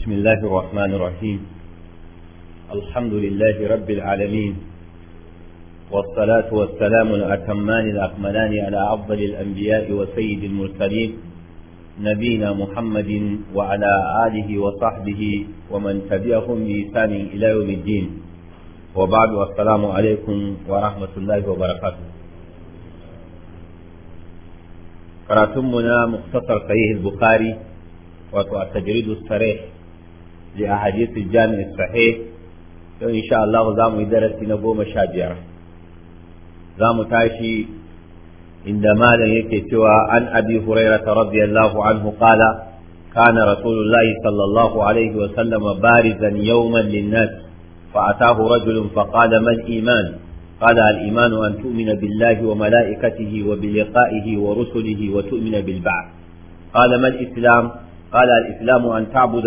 بسم الله الرحمن الرحيم الحمد لله رب العالمين والصلاة والسلام الأتمان الأكملان على أفضل الأنبياء وسيد المرسلين نبينا محمد وعلى آله وصحبه ومن تبعهم بإحسان إلى يوم الدين وبعد والسلام عليكم ورحمة الله وبركاته قراتمنا مختصر صحيح البخاري وتجريد الصريح لأحاديث الجامع الصحيح إن شاء الله زام درس نقوم شاجر زام تاشي عندما يكي سوى عن أبي هريرة رضي الله عنه قال كان رسول الله صلى الله عليه وسلم بارزا يوما للناس فأتاه رجل فقال ما الإيمان قال الإيمان أن تؤمن بالله وملائكته وبلقائه ورسله وتؤمن بالبعث قال ما الإسلام قال الإسلام أن تعبد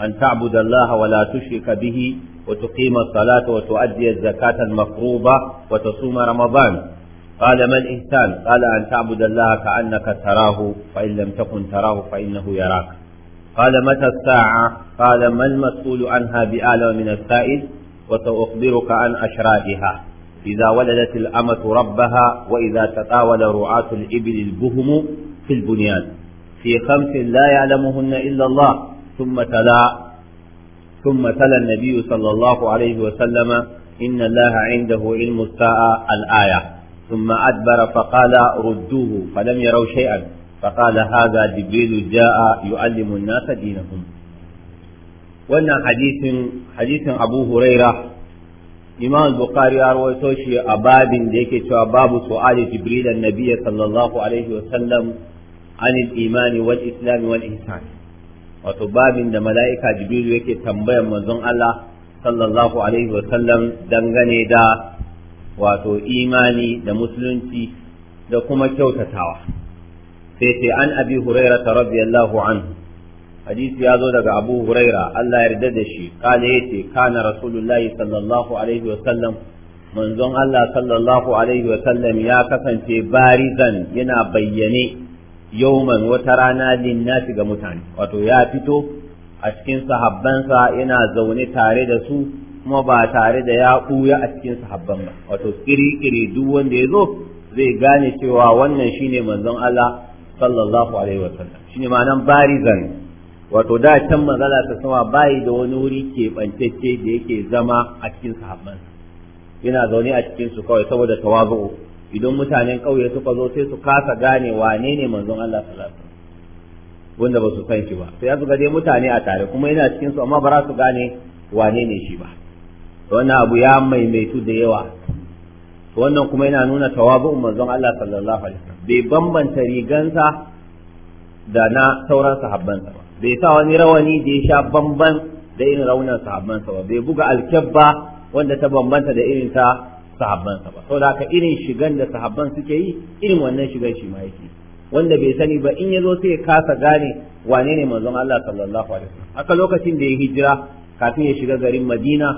أن تعبد الله ولا تشرك به وتقيم الصلاة وتؤدي الزكاة المفروضة وتصوم رمضان قال ما الإنسان قال أن تعبد الله كأنك تراه فإن لم تكن تراه فإنه يراك قال متى الساعة قال ما المسؤول عنها بأعلم من السائل وسأخبرك عن أشرائها إذا ولدت الأمة ربها وإذا تطاول رعاة الإبل البهم في البنيان في خمس لا يعلمهن إلا الله ثم تلا ثم تلا النبي صلى الله عليه وسلم إن الله عنده علم الساعة الآية ثم أدبر فقال ردوه فلم يروا شيئا فقال هذا جبريل جاء يعلم الناس دينهم wannan hadisin hadisin abu huraira imam bukhari ya rawaito shi a babin da yake cewa babu su'ali jibril annabi sallallahu alaihi wa sallam imani wal islam wal ihsan wato babin da mala'ika jibrilu yake tambayan manzon Allah sallallahu alaihi dangane da wato imani da musulunci da kuma kyautatawa sai sai an abi hurairah radiyallahu anhu hadisi ya zo daga abu huraira Allah ya yarda da shi kala ya ce kana rasulullahi sallallahu alaihi wa sallam manzon Allah sallallahu alaihi wa sallam ya kasance barizan yana bayyane yawman wata rana linnasi ga mutane wato ya fito a cikin sahabbansa yana zaune tare da su kuma ba tare da ya ɓuya a cikin sahabban ba wato kiri duk wanda ya zo zai gane cewa wannan shine manzon Allah sallallahu alaihi sallam shine ma'anan barizan wato da can manzala ta sama bayi da wani wuri keɓantacce da yake zama a cikin sahabban yana zaune a cikin su kawai saboda tawazu'u idan mutanen ƙauye suka zo sai su kasa gane wane ne manzon Allah sallallahu alaihi wasallam wanda ba su san shi ba sai su ga dai mutane a tare kuma yana cikin su amma ba za su gane wane ne shi ba wannan abu ya maimaitu da yawa wannan kuma yana nuna tawabu'un manzon Allah sallallahu alaihi wasallam bai bambanta rigansa da na sauran sahabbansa ba bai sa wani rawani da ya sha bamban da irin raunin sahabbansa ba bai buga alkyabba wanda ta bambanta da irin ta sahabbansa ba da haka irin shigan da sahabban suke yi irin wannan shigan shi ma yake wanda bai sani ba in ya zo sai ya kasa gane wane ne manzon Allah sallallahu alaihi wasallam haka lokacin da ya hijira kafin ya shiga garin Madina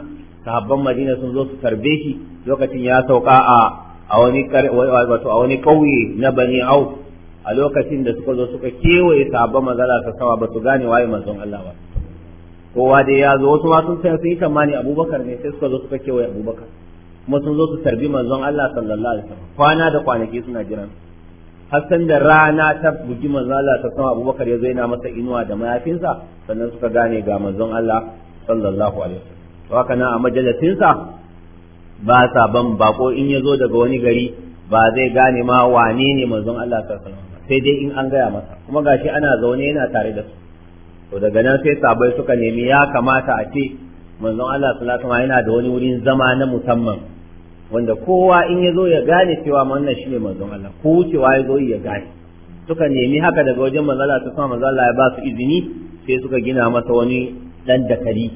sahabban Madina sun zo su tarbe shi lokacin ya sauka a wani wato a wani kauye na Bani au a lokacin da suka zo suka kewaye sahabban manzala ta sawa ba su gane waye manzon Allah ba kowa dai ya zo wasu ma sun san sun yi tamani Abubakar ne sai suka zo suka kewaye Abubakar kuma sun zo su tarbi manzon Allah sallallahu alaihi wasallam kwana da kwanaki suna jiran Hassan da rana ta bugi manzon Allah ta sama Abubakar ya zo yana masa inuwa da mayafinsa sannan suka gane ga manzon Allah sallallahu alaihi wasallam haka nan a majalisinsa ba sa ban bako in ya zo daga wani gari ba zai gane ma wane ne manzon Allah sallallahu alaihi wasallam sai dai in an gaya masa kuma gashi ana zaune yana tare da su to daga nan sai sabai suka nemi ya kamata a ce manzon Allah sallallahu alaihi wasallam yana da wani wurin zama na musamman wanda kowa in ya zo ya gane cewa wannan shi ne manzon Allah ko wucewa ya zo ya gane suka nemi haka daga wajen manzala ta kuma manzala ya ba su izini sai suka gina masa wani dan dakari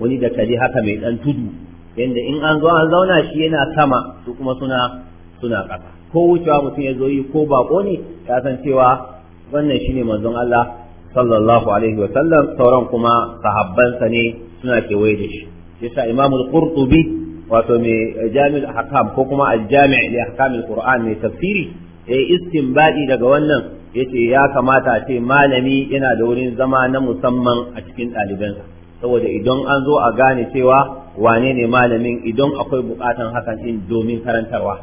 wani dakari haka mai dan tudu yanda in an zo an zauna shi yana sama su kuma suna suna ƙasa ko wucewa mutum ya zo yi ko bako ne ya san cewa wannan shine manzon Allah sallallahu alaihi wa sallam sauran kuma sahabbansa ne suna kewaye da shi yasa imamul qurtubi wato mai jami'ul ahkam ko kuma al-jami' li ahkamil qur'an mai tafsiri yayi eh, istinbadi daga wannan yace ya kamata ce malami yana da wurin zama na musamman a cikin ɗalibansa saboda idan an zo a gane cewa wane ne malamin idan akwai bukatan hakan din domin karantarwa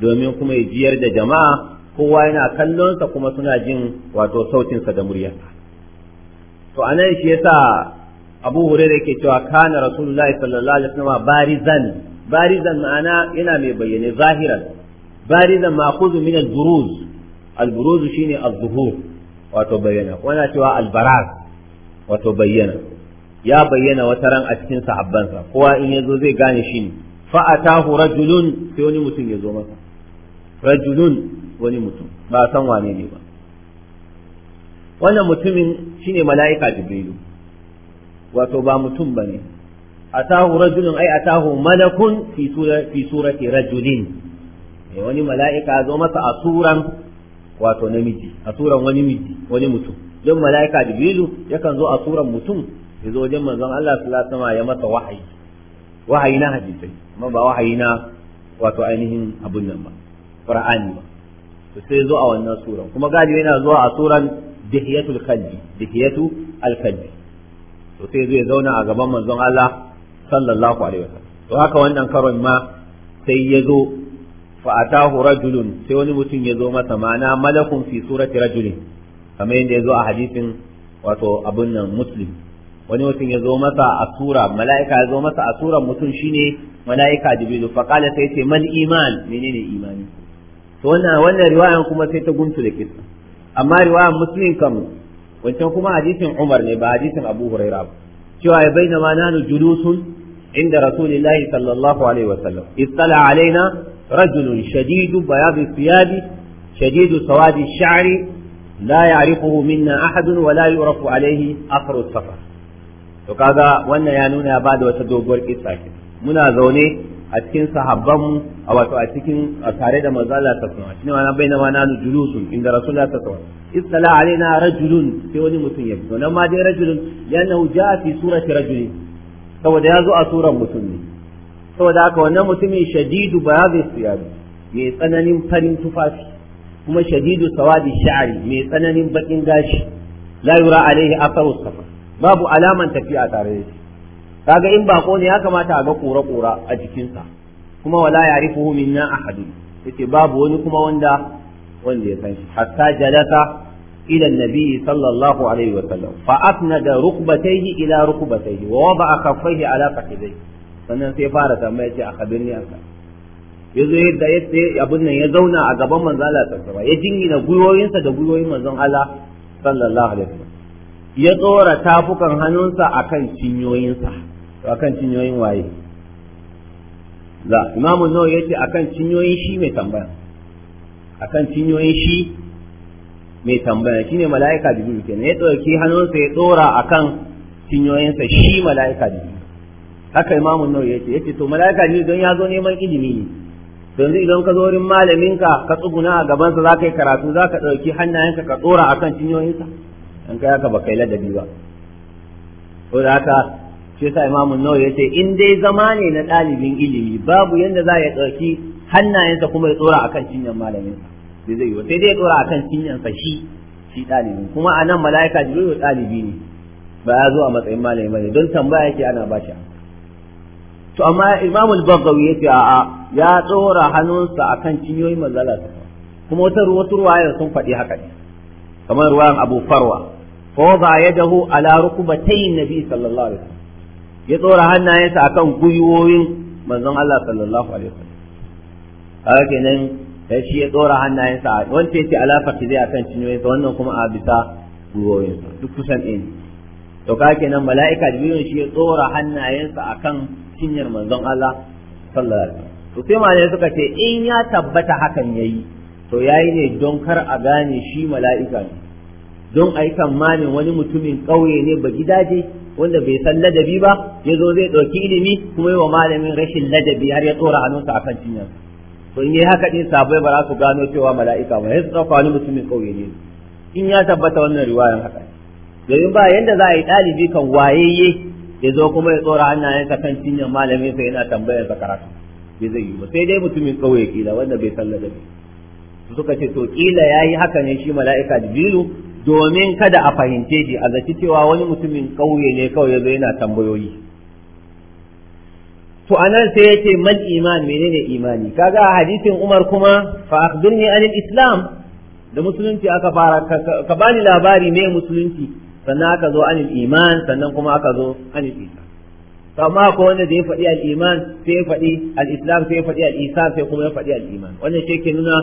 domin kuma ya jiyar da jama'a kowa yana kallonsa kuma suna jin wato sautinsa da muryarsa to anan shi yasa abu da yake cewa kana rasulullahi sallallahu alaihi wasallam barizan barizan ma'ana yana mai bayyane zahiran barizan ma'khudhu min al-buruz al-buruz shine al zuhur wato bayyana kuma cewa al-baraz wato bayyana ya bayyana wata ran a cikin sahabbansa kowa in yazo zai gane shi ne fa atahu rajulun sai wani mutum ya zo masa rajulun wani mutum ba san wane ne ba wannan mutumin shine mala'ika jibrilu wato ba mutum bane atahu rajulun ai atahu malakun fi surati fi surati rajulin eh, wani mala'ika zo masa a suran wato namiji a suran wani miji wani mutum don mala'ika jibrilu yakan zo a suran mutum ya zo wajen manzon Allah sallallahu alaihi ya masa wahayi wahayi na hadisai amma ba wahayi na wato ainihin abun nan ba qur'ani ba to sai zo a wannan suran kuma galibi yana zuwa a suran dihiyatul kalbi dihiyatu al kalbi to sai zai zauna a gaban manzon Allah sallallahu alaihi wa sallam to haka wannan karon ma sai ya zo fa atahu rajulun sai wani mutum ya zo masa ma'ana malakun fi surati rajulin kamar yadda ya zo a hadisin wato abun nan muslim wani mutum ya zo masa a sura mala'ika ya zo masa a suran mutum shine mala'ika jibilu fa qala sai ce mal iman menene imani to wannan wannan riwayan kuma sai ta guntu da kisa amma riwayan muslim kam wancan kuma hadisin Umar ne ba hadisin Abu Huraira ba cewa ya bayyana ma nanu julusun inda Rasulullahi sallallahu alaihi wasallam istala alaina rajulun shadidu bayadi thiyabi shadidu sawadi sha'ri la ya'rifuhu minna ahadun wa la yu'rafu alaihi athru safar to kaga wannan ya nuna ya bada wata doguwar kissa muna zaune a cikin sahabban a wato a cikin tare da manzo Allah ta sunna shine wannan baina ma nanu julusun inda rasulullah ta sunna istala alaina rajulun sai wani mutum ya fito nan ma dai rajulun lanahu jaa fi surati rajulin saboda ya zo a suran mutum ne saboda haka wannan mutumin shadidu bayazi siyab mai tsananin farin tufafi kuma shadidu sawadi sha'ri mai tsananin bakin gashi la yura alaihi atharu safa babu alaman tafiya tare da shi kaga in bako ne ya kamata a ga kura-kura a jikinsa kuma wala ya rifuhu minna ahadu yace babu wani kuma wanda wanda ya san shi hatta jalasa ila nabi sallallahu alaihi wa sallam fa asnada rukbatayhi ila rukbatayhi wa wada'a kaffayhi ala fakhidayhi sannan sai fara tambaya ce a khabirni anka yazo yadda yadda abun nan ya zauna a gaban manzo Allah sallallahu alaihi ya jingina guyoyinsa da guyoyin manzon Allah sallallahu alaihi wa sallam ya tsora tafukan hannunsa akan cinyoyinsa to akan cinyoyin waye la imamu nawawi yace akan cinyoyin shi mai tambaya akan cinyoyin shi mai tambaya shine mala'ika jibril kenan ya dauki hannunsa ya dora akan sa shi mala'ika jibril haka imamu nawawi yace yace to mala'ika jibril don ya zo neman ilimi ne yanzu idan ka zo wurin malaminka ka tsuguna a gaban za ka yi karatu za ka hannayenka ka dora akan cinyoyin sa in kai haka ba kai ladabi ba ko da haka shi yasa imamu nawawi yace in dai zama ne na ɗalibin ilimi babu yanda za ya ɗauki hannayensa kuma ya tsora akan cinyan malaminsa bai zai yi sai dai ya tsora akan cinyansa shi shi ɗalibin. kuma a nan mala'ika jibril ɗalibi ne ba ya zo a matsayin malami ne don tambaya yake ana bashi to amma imamu al-baghawi yace a'a ya tsora hannunsa akan cinyoyin manzala kuma wata wata ruwayar sun faɗi haka ne kamar ruwan abu farwa fa wada yadahu ala rukbatayn nabi sallallahu alaihi wasallam ya tsora hannayensa akan gwiwoyin manzon Allah sallallahu alaihi wasallam haka kenan sai shi ya tsora hannayensa wanda yace alafa zai akan cinyoyinsa wannan kuma a bisa gwiwoyinsa duk kusan ɗin to kaga kenan mala'ika jibril shi ya tsora hannayensa akan cinyar manzon Allah sallallahu alaihi wasallam to sai malai suka ce in ya tabbata hakan yayi to yayi ne don kar a gane shi mala'ika ne don ai tsammanin wani mutumin ƙauye ne ba gidaje wanda bai san ladabi ba ya zo zai ɗauki ilimi kuma yi wa malamin rashin ladabi har ya tsora hannunsa a kan cinyar to in yi haka ɗin sabai ba za su gano cewa mala'ika ba ya su ɗauka wani mutumin ƙauye ne in ya tabbata wannan riwayan haka domin ba yanda za a yi ɗalibi kan wayayye ya zo kuma ya tsora hannayensa kan cinyar malamin sa yana tambayarsa karatu bai zai yi ba sai dai mutumin ƙauye kila wanda bai san ladabi suka ce to kila yayi haka ne shi mala'ika jibilu domin kada a fahimce shi a zaci cewa wani mutumin ƙauye ne kawai ya zo yana tambayoyi to anan sai yace mal iman menene imani kaga a hadisin Umar kuma fa akhbirni anil islam da musulunci aka fara ka bani labari ne musulunci sannan aka zo anil iman sannan kuma aka zo anil islam amma ko wanda zai faɗi faɗi al-iman sai ya faɗi al-Islam sai ya faɗi al'isa sai kuma ya faɗi al-iman. wannan shi ke nuna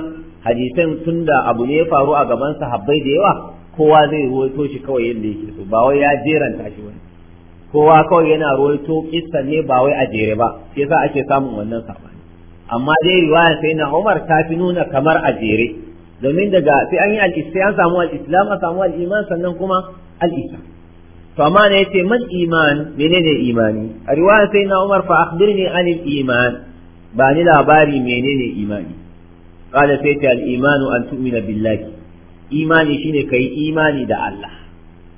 hadisan tunda abu ne ya faru a gaban sahabbai da yawa kowa zai ruwaito shi kawai yadda yake so ba wai ya jeranta shi wani kowa kawai yana ruwaito kissan ne ba wai a jere ba shi yasa ake samun wannan sabani amma dai riwaya sai na Umar ta fi nuna kamar a jere domin daga sai an yi al-islam samu al-islam a samu al-iman sannan kuma al-islam to amma ne yace man iman menene imani a riwaya sai na Umar fa akhbirni anil iman ba ni labari menene imani qala sai ta al-imanu an tu'mina billahi imani shine ka yi imani da Allah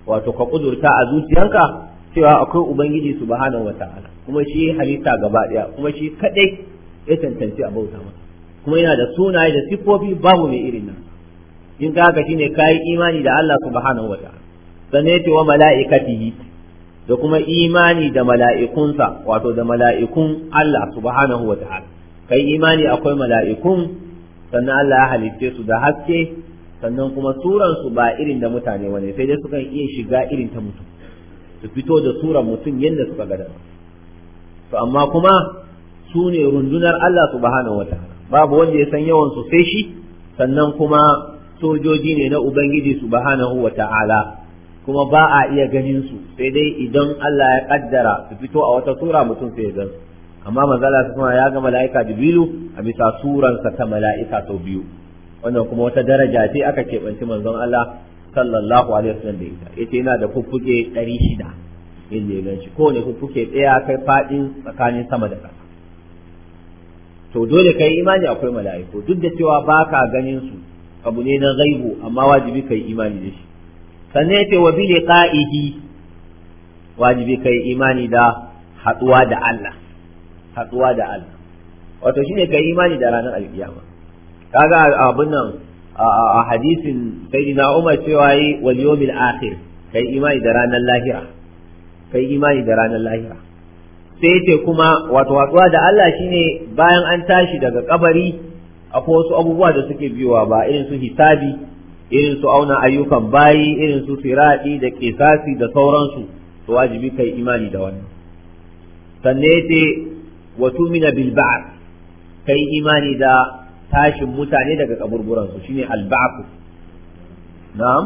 wato ka kudurta a zuciyanka cewa akwai ubangiji subhanahu wata'ala kuma shi halitta gaba daya kuma shi kadai ya tantance a bauta masa kuma yana da sunaye da sifofi babu mai irin nan in ka haka shine ka yi imani da Allah subhanahu wata'ala sannan ya ce wa mala'ikatihi da kuma imani da mala'ikunsa wato da mala'ikun Allah subhanahu wata'ala kai imani akwai mala'ikun sannan Allah ya halitte su da haske sannan kuma suransu ba irin da mutane wane, sai dai suka iya shiga irin ta mutum su fito da suran mutum yadda suka gada to amma kuma su ne rundunar Allah subhanahu wata, babu wanda ya san yawan su sai shi sannan kuma sojoji ne na ubangiji subhanahu wataala kuma ba a iya ganin su sai dai idan Allah ya kaddara su fito a wata sura mutum sai ya amma manzala ya ga mala'ika jibilu a bisa suransa ta mala'ika sau biyu wannan kuma wata daraja ce aka keɓanci manzon Allah sallallahu alaihi wasallam da ita yace yana da fuffuke 600 inda ya ganshi ne fuffuke ɗaya kai faɗin tsakanin sama da ƙasa to dole kai imani akwai mala'iku duk da cewa baka ganin su abu ne na ghaibu amma wajibi kai imani da shi sannan yace wa bi liqa'ihi wajibi kai imani da haɗuwa da Allah haɗuwa da Allah wato shine kai imani da ranar alkiyama kaga abin nan a hadisin na Umar cewa yi wal yawmil akhir kai imani da ranar lahira kai imani da ranar lahira sai yace kuma wato haɗuwa da Allah shine bayan an tashi daga kabari akwai wasu abubuwa da suke biyowa ba irin su hisabi irin su auna ayyukan bayi irin su firadi da kisasi da sauransu to wajibi kai imani da wannan sannan yace wa tumina bil ba'd kai imani da tashin mutane daga kaburburan su shine alba'ku na'am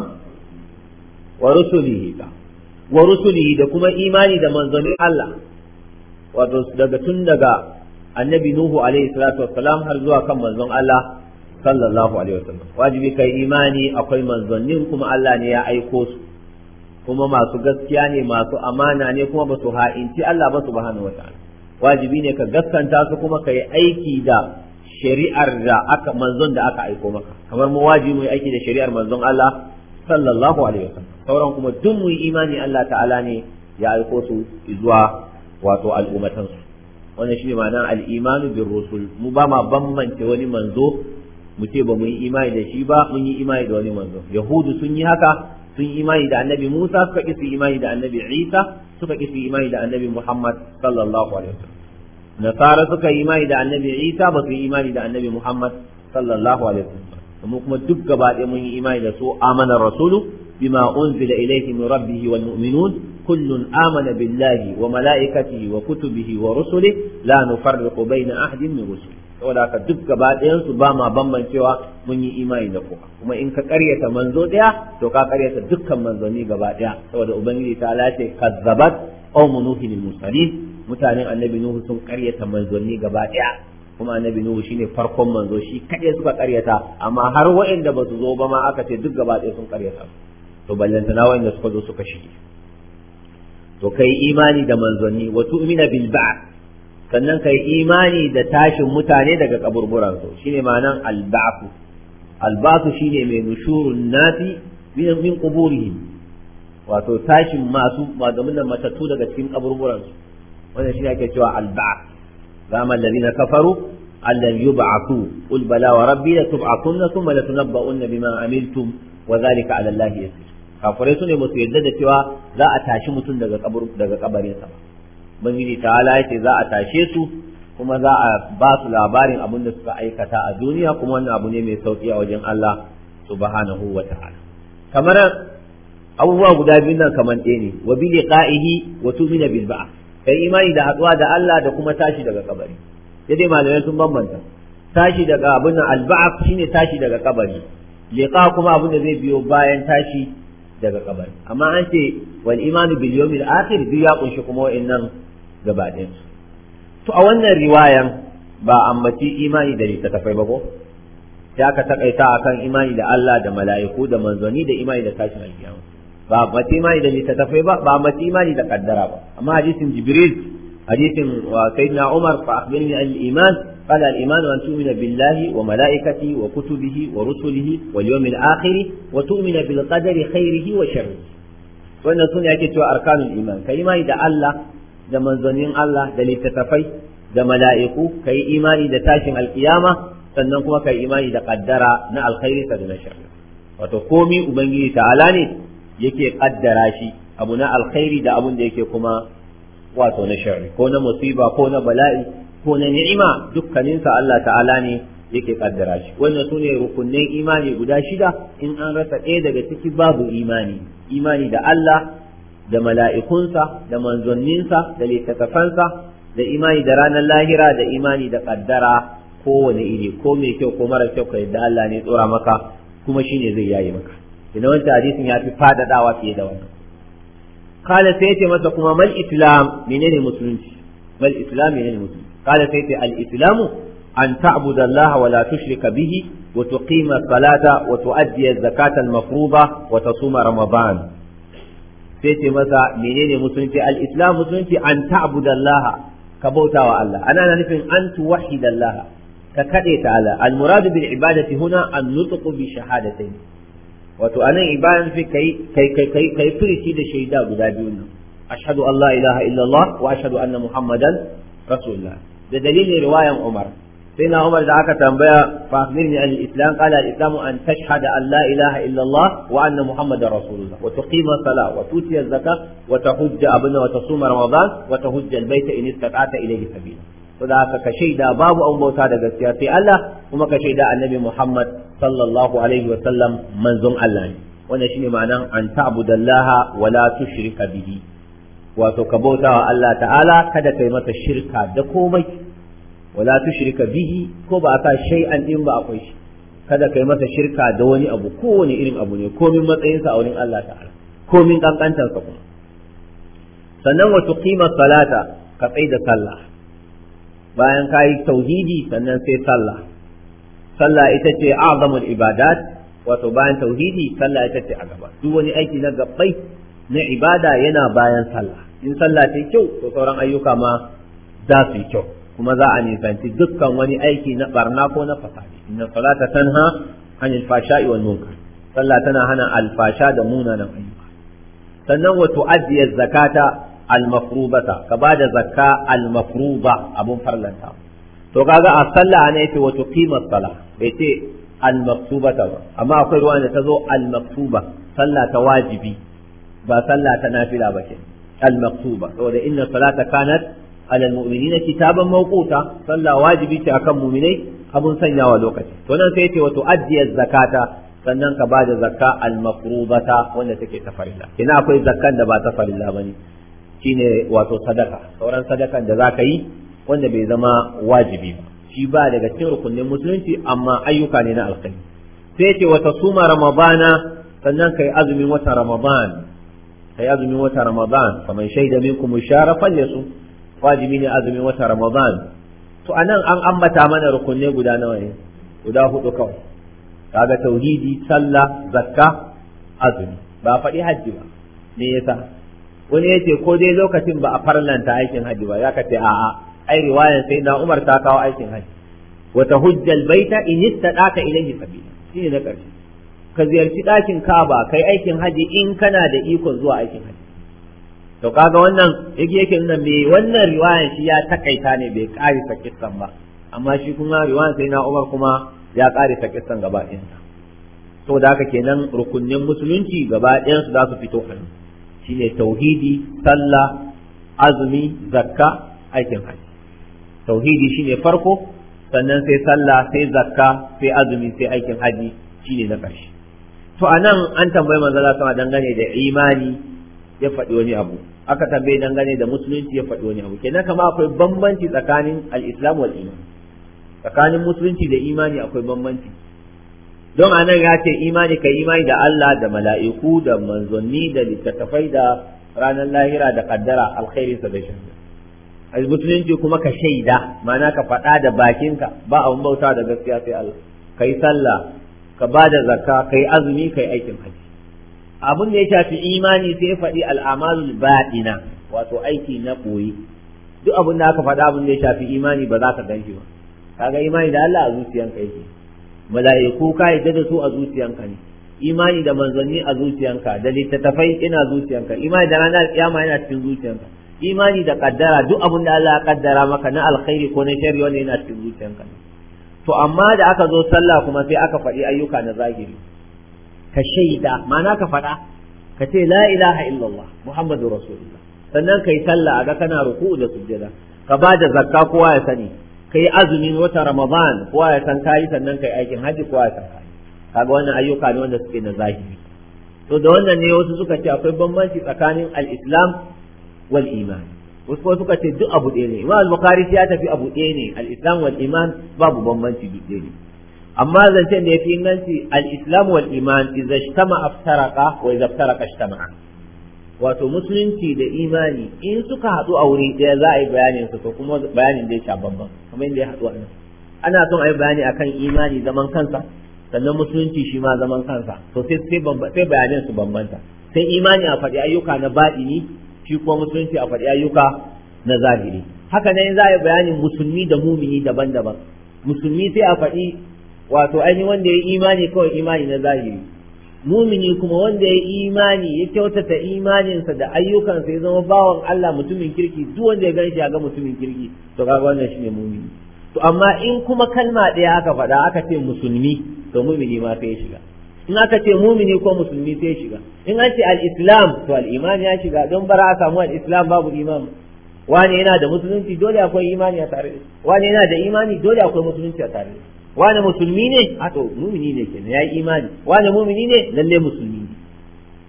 wa rusulihi wa rusulihi da kuma imani da manzonin Allah wato daga tun daga annabi nuhu alaihi salatu wassalam har zuwa kan manzon Allah sallallahu alaihi wasallam wajibi kai imani akwai manzonnin kuma Allah ne ya aiko su kuma masu gaskiya ne masu amana ne kuma ba su ha'inci Allah ba subhanahu wataala wajibi ne ka gaskanta su kuma ka yi aiki da shari'ar da aka manzon da aka aiko maka kamar mu wajibi mu aiki da shari'ar manzon Allah sallallahu alaihi wasallam sauran kuma duk mu imani Allah ta'ala ne ya aiko su zuwa wato al'ummatan su wannan shine ma'anar al-imanu bir rusul mu ba ma bambance wani manzo mu ce ba mu yi imani da shi ba mun yi imani da wani manzo yahudu sun yi haka sun yi imani da annabi Musa suka ƙi su imani da annabi Isa suka ƙi su imani da annabi Muhammad sallallahu alaihi wasallam nasara suka yi imani da annabi isa ba su yi imani da annabi muhammad sallallahu alaihi wasallam kuma kuma duk gaba ɗaya mun yi imani da su amana rasulu bima unzila ilayhi min rabbihi wal mu'minun kullun amana billahi wa malaikatihi wa kutubihi wa rusulihi la nufarriqu baina ahadin min rusuli saboda haka duk gaba ɗayan su ba ma bambancewa mun yi imani da kowa kuma in ka ƙaryata manzo ɗaya to ka ƙaryata dukkan manzanni gaba ɗaya saboda ubangiji ta lace kazzabat qaumun nuhin mursalin mutanen annabi nuhu sun karyata manzanni gaba daya kuma annabi nuhu shine farkon manzo shi kaɗai suka karyata amma har waɗanda ba su zo ba ma aka ce duk gaba daya sun karyata to na waɗanda suka zo suka shige to kai imani da manzanni wa tu'mina bil ba'th sannan kai imani da tashin mutane daga kaburburan su shine ma'anan al ba'th al shine mai nushurun nasi min quburihim wato tashin masu magamin matattu daga cikin kaburburan su wannan shi ake cewa alba'a zama na kafaru allan yub'athu qul bala wa rabbi la tub'athunna thumma la tunabba'unna bima amiltum wa dhalika 'ala allahi yasir su sune musu yadda da cewa za a tashi mutum daga kabarinsa ba. kabarin sa bangiji ta'ala ce za a tashe su kuma za a ba su labarin abin da suka aikata a duniya kuma wannan abu ne mai sauki a wajen Allah subhanahu wa ta'ala kamar abubuwa guda biyu nan kamar ɗaya ne wa bi liqa'ihi wa tu'mina bil kai imani da haɗuwa da Allah da kuma tashi daga kabari sai malamai sun bambanta tashi daga abin alba'af shine tashi daga kabari liqa kuma abin da zai biyo bayan tashi daga kabari amma an ce wal imanu bil yawmil akhir duk ya kunshi kuma wa'annan gaba to a wannan riwayan ba ambaci imani da littattafai ba ko ya ka takaita akan imani da Allah da mala'iku da manzoni da imani da tashin alkiyama ba mace imani da littattafai ba ba mace imani da kaddara ba amma hadisin jibril hadisin wa sayyidina umar fa akhbirni al iman qala al iman an tu'mina billahi wa mala'ikati wa kutubihi wa rusulihi wal yawmil akhir wa tu'mina bil qadari khairihi wa sharrihi wannan sune ake cewa arkanul iman kai imani da Allah da manzonin Allah da littattafai da mala'iku kai imani da tashin alkiyama sannan kuma kai imani da kaddara na alkhairi da na sharri wato komi ubangiji ta'ala ne yake kaddara shi abu na alkhairi da abun da yake kuma wato na sharri ko na musiba ko na bala'i ko na ni'ima dukkaninsa Allah ta'ala ne yake kaddara shi wannan sune rukunin imani guda shida in an rasa ɗaya daga cikin babu imani imani da Allah da mala'ikunsa da manzanninsa da littattafansa da imani da ranar lahira da imani da kaddara kowane iri ko mai kyau ko mara kyau ka yadda Allah ne tsora maka kuma shine zai yayi maka ina wancan hadisin ya fi fadadawa fiye da wannan kala sai ce masa kuma mal islam menene musulunci mal islam menene musulunci kala sai ce al islamu an ta'budu allaha wa la tushrika bihi wa tuqima salata wa tuaddi az-zakata al-mafruḍa wa tasuma ramadan sai ce masa menene musulunci al islam musulunci an ta'budu allaha ka bautawa Allah ana na nufin an tuwahhida allaha ka kade ta Allah al muradu bil ibadati huna an nutqu bi shahadatayn wato anan ibadan sai kai kai kai da shaida guda biyu nan ashhadu an la ilaha illallah wa ashhadu anna muhammadan rasulullah da dalilin riwayan umar sai na umar da aka tambaya fa akhbirni al-islam qala al-islam an tashhada an la ilaha illallah wa anna muhammadan rasulullah wa tuqima salat wa tuti az-zakat wa tahujja abna wa tasuma ramadan wa tahujja al-bayta in istata'ta ilayhi sabila to da haka ka shaida babu an bauta da gaskiya sai Allah kuma ka shaida annabi Muhammad sallallahu alaihi wa sallam manzon Allah ne wannan shine ma'anan an ta'budallaha wa la tushrika bihi wato ka bauta wa Allah ta'ala kada kai masa shirka da komai wa la tushrika bihi ko ba ka shay'an din ba akwai shi kada kai masa shirka da wani abu ko wani irin abu ne komin matsayinsa a wurin Allah ta'ala komin kankantarsa kuma sannan wa tuqima salata ka tsaida sallah bayan ka yi tauhidi sannan sai sallah sallah ita ce azamul ibadat wato bayan tauhidi sallah ita ce a gaba duk wani aiki na gabbai na ibada yana bayan sallah in sallah ta kyau to sauran ayyuka ma za su yi kyau kuma za a nisanci dukkan wani aiki na barna ko na fasadi inna salata tanha anil fashai wal munkar sallah tana hana alfasha da munanan ayyuka sannan wa tu'addi zakata al ka ka bada zakka almakruba mafruba abun farlanta to kaga a sallah ne yace wato qimar salah bai ce almaktubata ba amma akwai ruwa da ta zo al-maktuba sallah ta wajibi ba sallah ta nafila ba ke Almaktuba. saboda inna salata kanat ala al kitaban mawquta sallah wajibi ce akan mu'minai abun sanyawa lokaci to nan sai yace wato addiya zakata sannan ka da zakka al wanda take ta farilla ina akwai zakkan da ba ta farilla bane shine wato sadaka sauran sadakan da za ka yi wanda bai zama wajibi ba shi ba daga cikin rukunin musulunci amma ayyuka ne na alkhairi sai ce wata suma ramadana sannan kai azumin wata ramadan kai azumin wata ramadan kamar shaida minkum shara falyasu wajibi ne azumin wata ramadan to anan an ambata mana rukunne guda nawa ne guda hudu kawai kaga tauhidi sallah zakka azumi ba faɗi hajji ba me yasa wani ce ko dai lokacin ba a farlanta aikin haji ba zaka ce a'a ai riwayan sai na Umar ta kawo aikin haji wa hujjal baita in istadaka ilayhi sabila shine na karshe ka ziyarci ɗakin Ka'aba kai aikin haji in kana da ikon zuwa aikin haji to kaga wannan yake yake nan me wannan riwayan shi ya takaita ne bai kare kissan ba amma shi kuma riwayan sai na Umar kuma ya karisa kissan gaba ɗayansa saboda haka kenan rukunnin musulunci gaba su za su fito hannu shine tauhidi sallah azumi zakka aikin haji tauhidi shine farko sannan sai sallah sai zakka sai azumi sai aikin haji shine na ƙarshe to anan an tambayi manzo Allah sama dangane da imani ya faɗi wani abu aka tambaye dangane da musulunci ya faɗi wani abu kenan kama akwai bambanci tsakanin al-islam wal iman tsakanin musulunci da imani akwai bambanci don a nan ya ce imani ka imani da Allah da mala'iku da manzanni da littattafai da ranar lahira da kaddara alkhairinsa da shi azbutunci kuma ka shaida ma'ana ka faɗa da bakinka ba abun bauta da gaskiya sai Allah kai sallah ka ba da zakka kai azumi kai aikin haji Abin da ya shafi imani sai faɗi al'amalul baɗina wato aiki na ɓoye duk abin da aka faɗa abin da ya shafi imani ba za ka gan shi ba kaga imani da Allah a zuciyanka yake mala'iku ka yadda da su a zuciyanka ne imani da manzanni a zuciyanka da littattafai ina zuciyanka imani da ranar kiyama yana cikin zuciyanka imani da kaddara duk abin da Allah ya kaddara maka na alkhairi ko na shari ne yana cikin zuciyanka to amma da aka zo sallah kuma sai aka faɗi ayyuka na zahiri ka shaida ma'ana ka faɗa ka ce la ilaha illallah muhammadu rasulullah sannan kai sallah a ga kana ruku'u da sujjada ka ba da zakka kowa ya sani kai azumin wata ramadan ko ya san kai sannan kai aikin haji ko ya san kaga wannan ayyuka ne wanda suke na zahiri to da wannan ne wasu suka ce akwai bambanci tsakanin al-islam wal iman wasu kuma suka ce duk abu ɗaya ne imam al-bukhari ya tafi abu ɗaya ne al-islam wal iman babu bambanci duk ɗaya ne amma zancen da yafi inganci al-islam wal iman idza ijtama'a iftaraqa wa idza iftaraqa ijtama'a wato musulunci da imani in suka haɗu a wuri ɗaya za a yi bayanin su to kuma bayanin da ya sha babban kamar inda ya haɗu a nan ana son a yi bayani akan imani zaman kansa sannan musulunci shi ma zaman kansa to sai sai bayanin su bambanta sai imani a faɗi ayyuka na baɗini shi kuma musulunci a faɗi ayyuka na zahiri haka nan za a yi bayanin musulmi da mumini daban-daban musulmi sai a faɗi wato ainihin wanda ya yi imani kawai imani na zahiri mumini kuma wanda ya imani ya kyautata imaninsa da ayyukansa ya zama bawan Allah mutumin kirki duk wanda ya ganshi ya ga mutumin kirki to kaga wannan shine mumini to amma in kuma kalma ɗaya aka faɗa aka ce musulmi to mumini ma sai ya shiga in aka ce mumini ko musulmi sai ya shiga in an ce al-islam to al-iman ya shiga don bara a samu al-islam babu imam wani yana da musulunci dole akwai imani a tare wani yana da imani dole akwai musulunci a tare wani musulmi ne a to mumini ne kenan yayi imani wani mumini ne lalle musulmi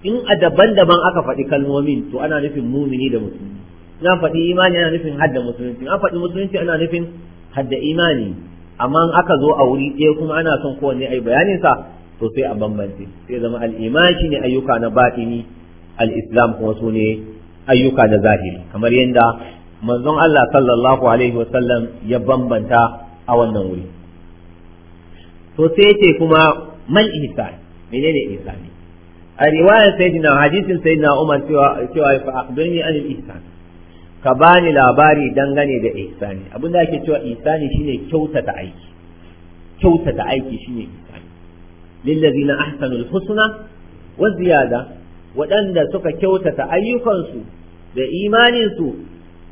in a daban-daban aka faɗi kalmomin to ana nufin mumini da musulmi na faɗi imani ana nufin hadda musulunci an faɗi musulunci ana nufin hadda imani amma aka zo a wuri ɗaya kuma ana son kowanne ai bayanin sa to sai a bambance sai zama al'imani iman shine ayyuka na batini al-islam kuma su ne ayyuka na zahiri kamar yadda manzon Allah sallallahu alaihi wasallam ya bambanta a wannan wuri to sai ce kuma mal ihsan menene ihsani a riwayar sayyidina hadisin sayyidina Umar cewa cewa fa akhbirni an ihsan ka bani labari dangane da ihsani abin da ake cewa ihsani shine kyautata aiki kyautata aiki shine ihsani lillazina ahsanul husna wa ziyada waɗanda suka kyautata ayyukansu da imaninsu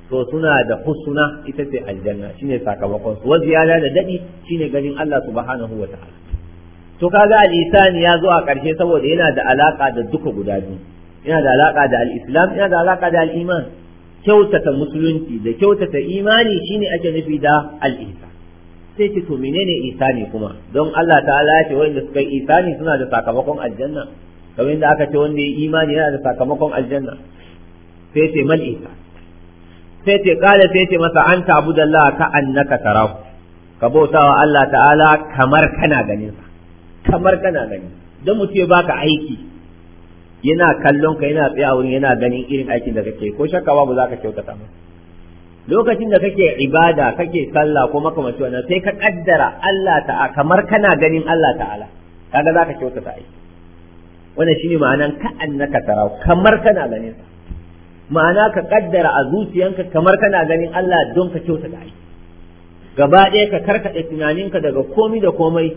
to suna da husuna ita ce aljanna shine sakamakon su wa ziyada da dadi shine ganin Allah subhanahu wa ta'ala to kaga al-isan ya zo a karshe saboda yana da alaka da duka guda biyu yana da alaka da al-islam yana da alaka da al-iman kyautata musulunci da kyautata imani shine ake nufi da al sai ce to menene isani kuma don Allah ta'ala ya ce wanda suka yi isani suna da sakamakon aljanna kamar yadda aka ce wanda ya imani yana da sakamakon aljanna sai ce mal sai ce kala sai ce masa an ta da Allah ka annaka tarahu ka bauta wa Allah ta'ala kamar kana ganin sa kamar kana gani don mutum ya baka aiki yana kallon ka yana tsaya wurin yana ganin irin aikin da kake ko shakka babu zaka kyautata masa lokacin da kake ibada kake sallah ko makamashi wannan sai ka kaddara Allah ta'a kamar kana ganin Allah ta'ala kaga zaka kyautata aiki wannan shine ma'anan ka annaka tarahu kamar kana ganin sa ma'ana ka kaddara a zuciyanka kamar kana ganin Allah don ka kyauta da aiki gaba ɗaya ka karkaɗe tunaninka daga komai da komai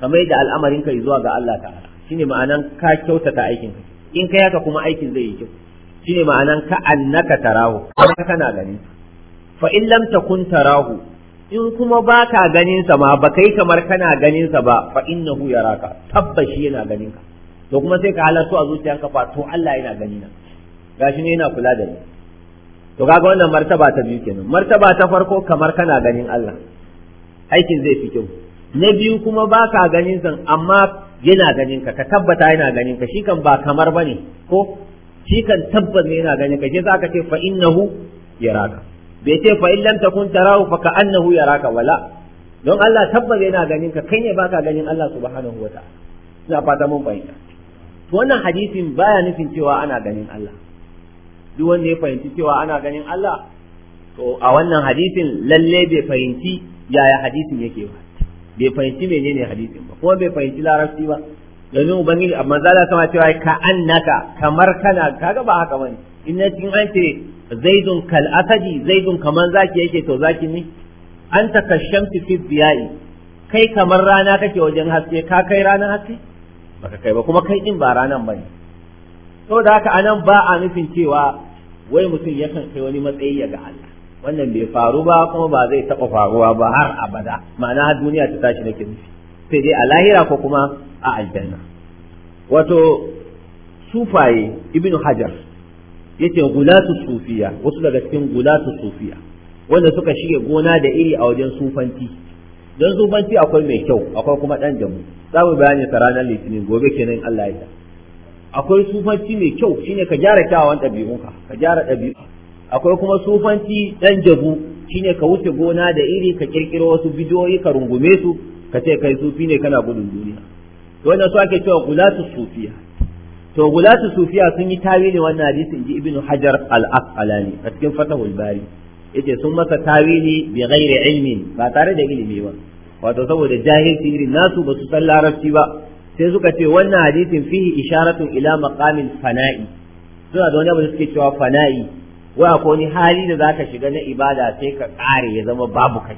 ka mai da al'amarinka zuwa ga Allah ta'ala shine ma'anan ka kyautata aikinka in kai haka kuma aikin zai yi kyau shine ma'anan ka annaka tarahu kamar kana gani fa in lam takun tarahu in kuma baka ganin sa ma ba kai kamar kana ganin sa ba fa innahu yaraka tabbashi yana ganin ka to kuma sai ka halarta a zuciyanka fa to Allah yana ganina. na gashi ne yana kula da ni to kaga wannan martaba ta biyu kenan martaba ta farko kamar kana ganin Allah aikin zai fi kyau na biyu kuma ba ka ganin san amma yana ganin ka ka tabbata yana ganin ka shi kan ba kamar bane ko shi kan tabbata ne yana ganin ka shi za ka ce fa innahu yaraka bai ce fa illam takun tarahu fa ka annahu yaraka wala don Allah tabbata yana ganin ka kai ne baka ganin Allah subhanahu wata ina fata mun fahimta to wannan hadisin baya nufin cewa ana ganin Allah duk wanda ya fahimci cewa ana ganin Allah to a wannan hadisin lalle bai fahimci yaya hadisin yake ba bai fahimci menene hadisin ba kuma bai fahimci larabci ba yanzu ubangiji amma za zala sama cewa ka annaka kamar kana kaga ba haka bane in na cikin an ce zaidun kal asadi zaidun kamar zaki yake to zaki ne An ta shamsi fi kai kamar rana kake wajen haske ka kai ranar haske baka kai ba kuma kai din ba ranan bane saboda haka anan ba a nufin cewa wai mutum yakan kai wani matsayi ya ga Allah wannan bai faru ba kuma ba zai taɓa faruwa ba har abada ma'ana duniya ta tashi nake nufi sai dai a lahira ko kuma a aljanna wato sufaye ibn hajar yace gulatu sufiya wasu daga cikin gulatu sufiya wanda suka shige gona da iri a wajen sufanci don sufanci akwai mai kyau akwai kuma ɗan jamu za mu bayani sa ranar litinin gobe kenan Allah ya akwai sufanci mai kyau shine ka gyara kyawawan ɗabi'unka ka gyara ɗabi'u akwai kuma sufanci ɗan jabu shine ka wuce gona da iri ka kirkiro wasu bidiyoyi ka rungume su ka ce kai sufi ne kana gudun duniya to wannan su ake cewa gulatu sufiya to gulatu sufiya sun yi tawili wannan hadisi inji ibnu hajar al-asqalani a cikin fatahul bari yace sun masa tawili bi ghairi ilmin ba tare da ilimi ba wato saboda jahilci irin nasu ba su san larabci ba sai suka ce wannan hadisin fihi isharatun ila maqamil fana'i suna da wani abu da suke cewa fana'i wai akwai wani hali da zaka shiga na ibada sai ka kare ya zama babu kai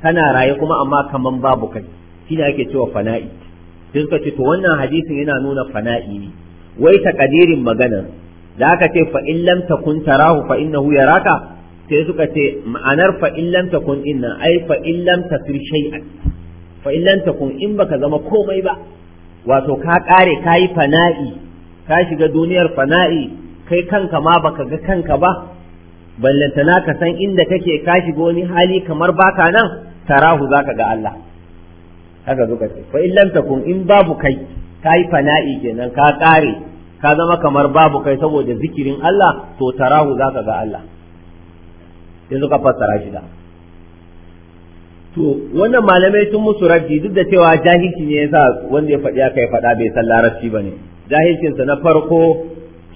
kana raye kuma amma kaman babu kai shine ake cewa fana'i sai suka ce to wannan hadisin yana nuna fana'i ne wai ta takadirin magana da aka ce fa in lam takun tarahu fa innahu yaraka sai suka ce ma'anar fa in lam takun inna ai fa in lam tasir shay'an fa in lam takun in baka zama komai ba wato ka ƙare ka yi fana'i ka shiga duniyar fana'i kai kanka ma baka ga kanka ba ballantana ka san inda kake ka shiga wani hali kamar baka nan tarahu zaka ga Allah haka zuka ce fa in lam takun in babu kai ka yi fana'i kenan ka ƙare ka zama kamar babu kai saboda zikirin Allah to tarahu zaka ga Allah yanzu suka fassara shi da to wannan malamai sun musu raddi duk da cewa jahilci ne yasa wanda ya faɗi aka ya faɗa bai san larabci ba ne jahilcinsa na farko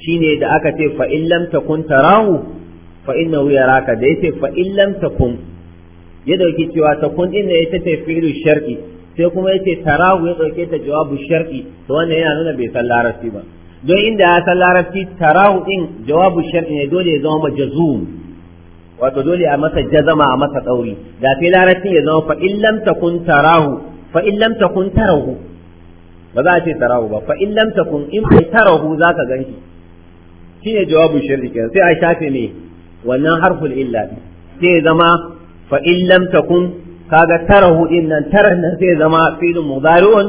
shine da aka ce fa in lam takun tarahu fa innahu yaraka da yace fa in lam takun ya dauki cewa takun din ne yace tafiru shar'i sai kuma yace tarahu ya ɗauke ta jawabu shar'i to wannan yana nuna bai san larabci ba don inda ya san larabci tarahu din jawabu shar'i ne dole ya zama majzum wato dole a masa jazama a masa ɗauri ga fi larabcin ya zama fa in illam takun tarahu fa in illam takun tarahu ba za a ce tarahu ba fa in illam takun in bai tarahu za ka ganki shine jawabin shirri kenan sai a shafe me wannan harful illa sai zama fa in illam takun kaga tarahu din nan tarar nan sai zama filin mudari'un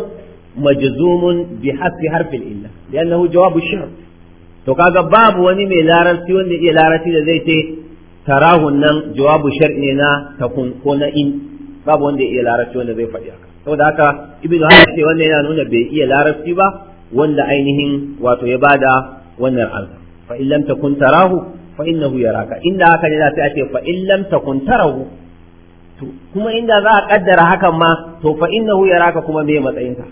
majzumun bi hasbi harfil illa li'annahu jawabu shirr to kaga babu wani mai larabci wanda iya larabci da zai ce tarahun nan jawabu shar ne na takun ko na in babu wanda ya iya larabci wanda zai faɗi haka saboda haka ibn hajar ce wanda yana nuna bai iya larabci ba wanda ainihin wato ya bada wannan alfa fa in lam takun tarahu fa innahu yaraka inda haka ne sai a ce fa in lam takun tarahu to kuma inda za a kaddara hakan ma to fa innahu yaraka kuma me matsayinka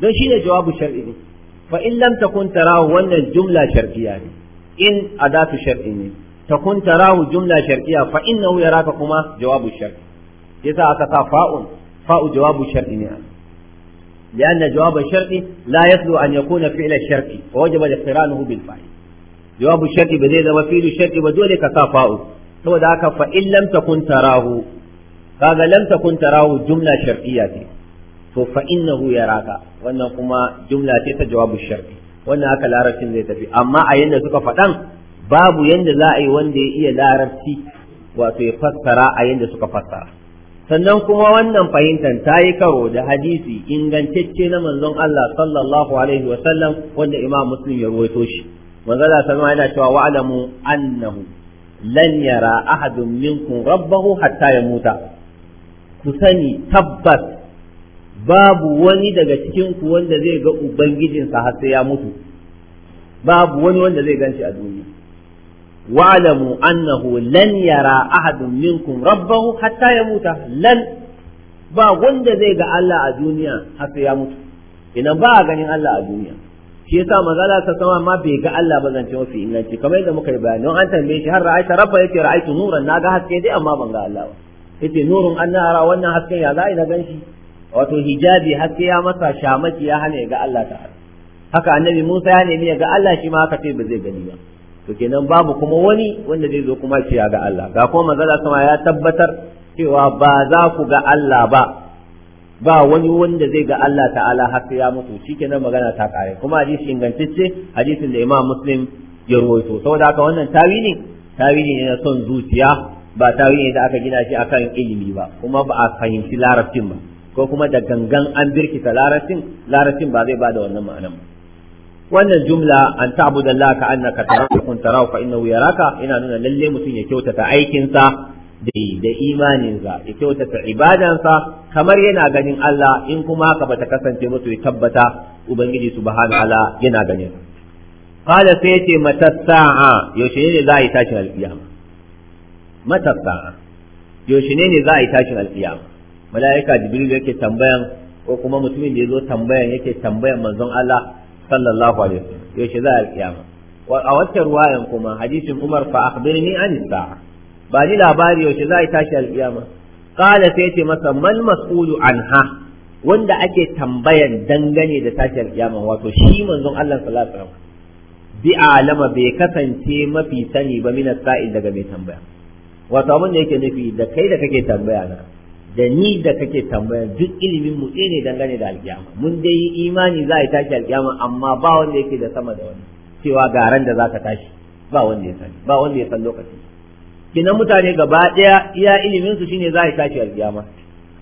don shine jawabu shar'i ne fa in lam takun tarahu wannan jumla shar'iyya ne in adatu shar'i ne takun tarahu jumla shar'iyya fa innahu yaraka kuma jawabu shart yasa aka sa fa'un fa'u jawabu ne لأن جواب الشرط لا يخلو أن يكون فعل الشرط ووجب اقترانه بالفاعل جواب الشرط بذيذ وفعل الشرط وذلك كفاء هو ذاك فإن لم تكن تراه kaga lam takun tarahu jumla shar'iyya ce to fa innahu yaraka wannan kuma jumla ce ta jawabu shar'i wannan haka larabcin zai tafi amma a yanda suka faɗan babu yadda za a yi wanda ya iya larabci wato ya fassara a yanda suka fassara sannan kuma wannan fahimtar ta yi karo da hadisi ingantacce na manzon Allah sallallahu alaihi wa sallam wanda Imam Muslim ya ruwaito shi manzon Allah sallallahu yana cewa wa'lamu annahu lan yara ahadun minkum rabbahu hatta yamuta ku sani tabbas babu wani daga cikinku wanda zai ga ubangijinsa har sai ya mutu babu wani wanda zai ganci a duniya wa'lamu annahu lan yara ahadun minkum rabbahu hatta ya muta lan ba wanda zai ga Allah a duniya har sai ya mutu idan ba a ganin Allah a duniya shi yasa manzala ta sama ma bai ga Allah ba zance mafi inganci kamar yadda muka yi bayani an tambaye shi har ra'aita rabba yake ra'aitu nuran ga haske dai amma ban ga Allah ba yace nurun an nara wannan hasken ya za'i na ganshi wato hijabi haske ya masa shamaki ya hana ya ga Allah ta'ala haka annabi Musa ya nemi ya ga Allah shi ma haka sai ba zai gani ba to kenan babu kuma wani wanda zai zo kuma ce ga Allah ga kuma manzala sama ya tabbatar cewa ba za ku ga Allah ba ba wani wanda zai ga Allah ta'ala har sai ya mutu shikenan magana ta kare kuma hadisi ingantacce hadisin da Imam Muslim ya rawaito saboda haka wannan tawili tawili ne na son zuciya ba tawili ne da aka gina shi akan ilimi ba kuma ba a fahimci larabcin ba ko kuma da gangan an birkita larabcin larabcin ba zai ba wannan ma'anar ba wannan jumla an ta'budu Allah ka annaka tarahu kun fa innahu yaraka ina nuna lalle mutum ya kyautata aikinsa da imaninsa ya kyautata ibadansa kamar yana ganin Allah in kuma ka bata kasance musu ya tabbata ubangiji subhanahu ala yana ganin qala sai ce mata sa'a yaushe ne za a yi tashin mata sa'a yaushe ne za a yi tashin malaika jibril yake tambayan ko kuma mutumin da ya zo tambayan yake tambayan manzon Allah sallallahu alaihi wasallam yaushe za a alkiyama a wata ruwayan kuma hadisin Umar fa akhbirni an sa'a ba ni labari yaushe za a tashi alkiyama qala sai ce masa mal mas'ulu anha wanda ake tambayan dangane da tashi alkiyama wato shi manzon Allah sallallahu alaihi wasallam bi alama bai kasance mafi sani ba min sa'il daga mai tambaya wato abin da yake nufi da kai da kake tambaya na da ni da kake tambaya duk ilimin mu ne dangane da alkiyama mun dai yi imani za a tashi alkiyama amma ba wanda yake da sama da wani cewa ga ran da za ka tashi ba wanda ya sani ba wanda ya san lokaci kinan mutane gaba daya iya ilimin su shine za a tashi alkiyama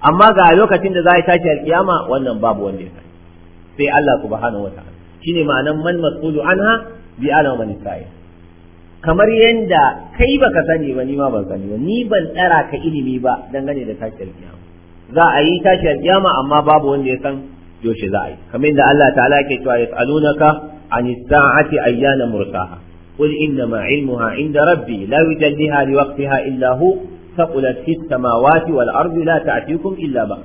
amma ga lokacin da za a tashi alkiyama wannan babu wanda ya sani sai Allah subhanahu wataala shine ma'anan man mas'ulu anha bi alama man isra'il kamar yadda kai baka sani ba nima ma ban ba ni ban tsara ka ilimi ba dangane da tashiyar kiyama za a yi tashiyar kiyama amma babu wanda ya san yaushe za a yi kamar yadda Allah ta'ala ke cewa yas'alunaka an sa'ati ayyana mursaha qul inna ma ilmuha inda rabbi la yujalliha liwaqtiha illa hu taqulat fis samawati wal ardi la ta'tikum illa ba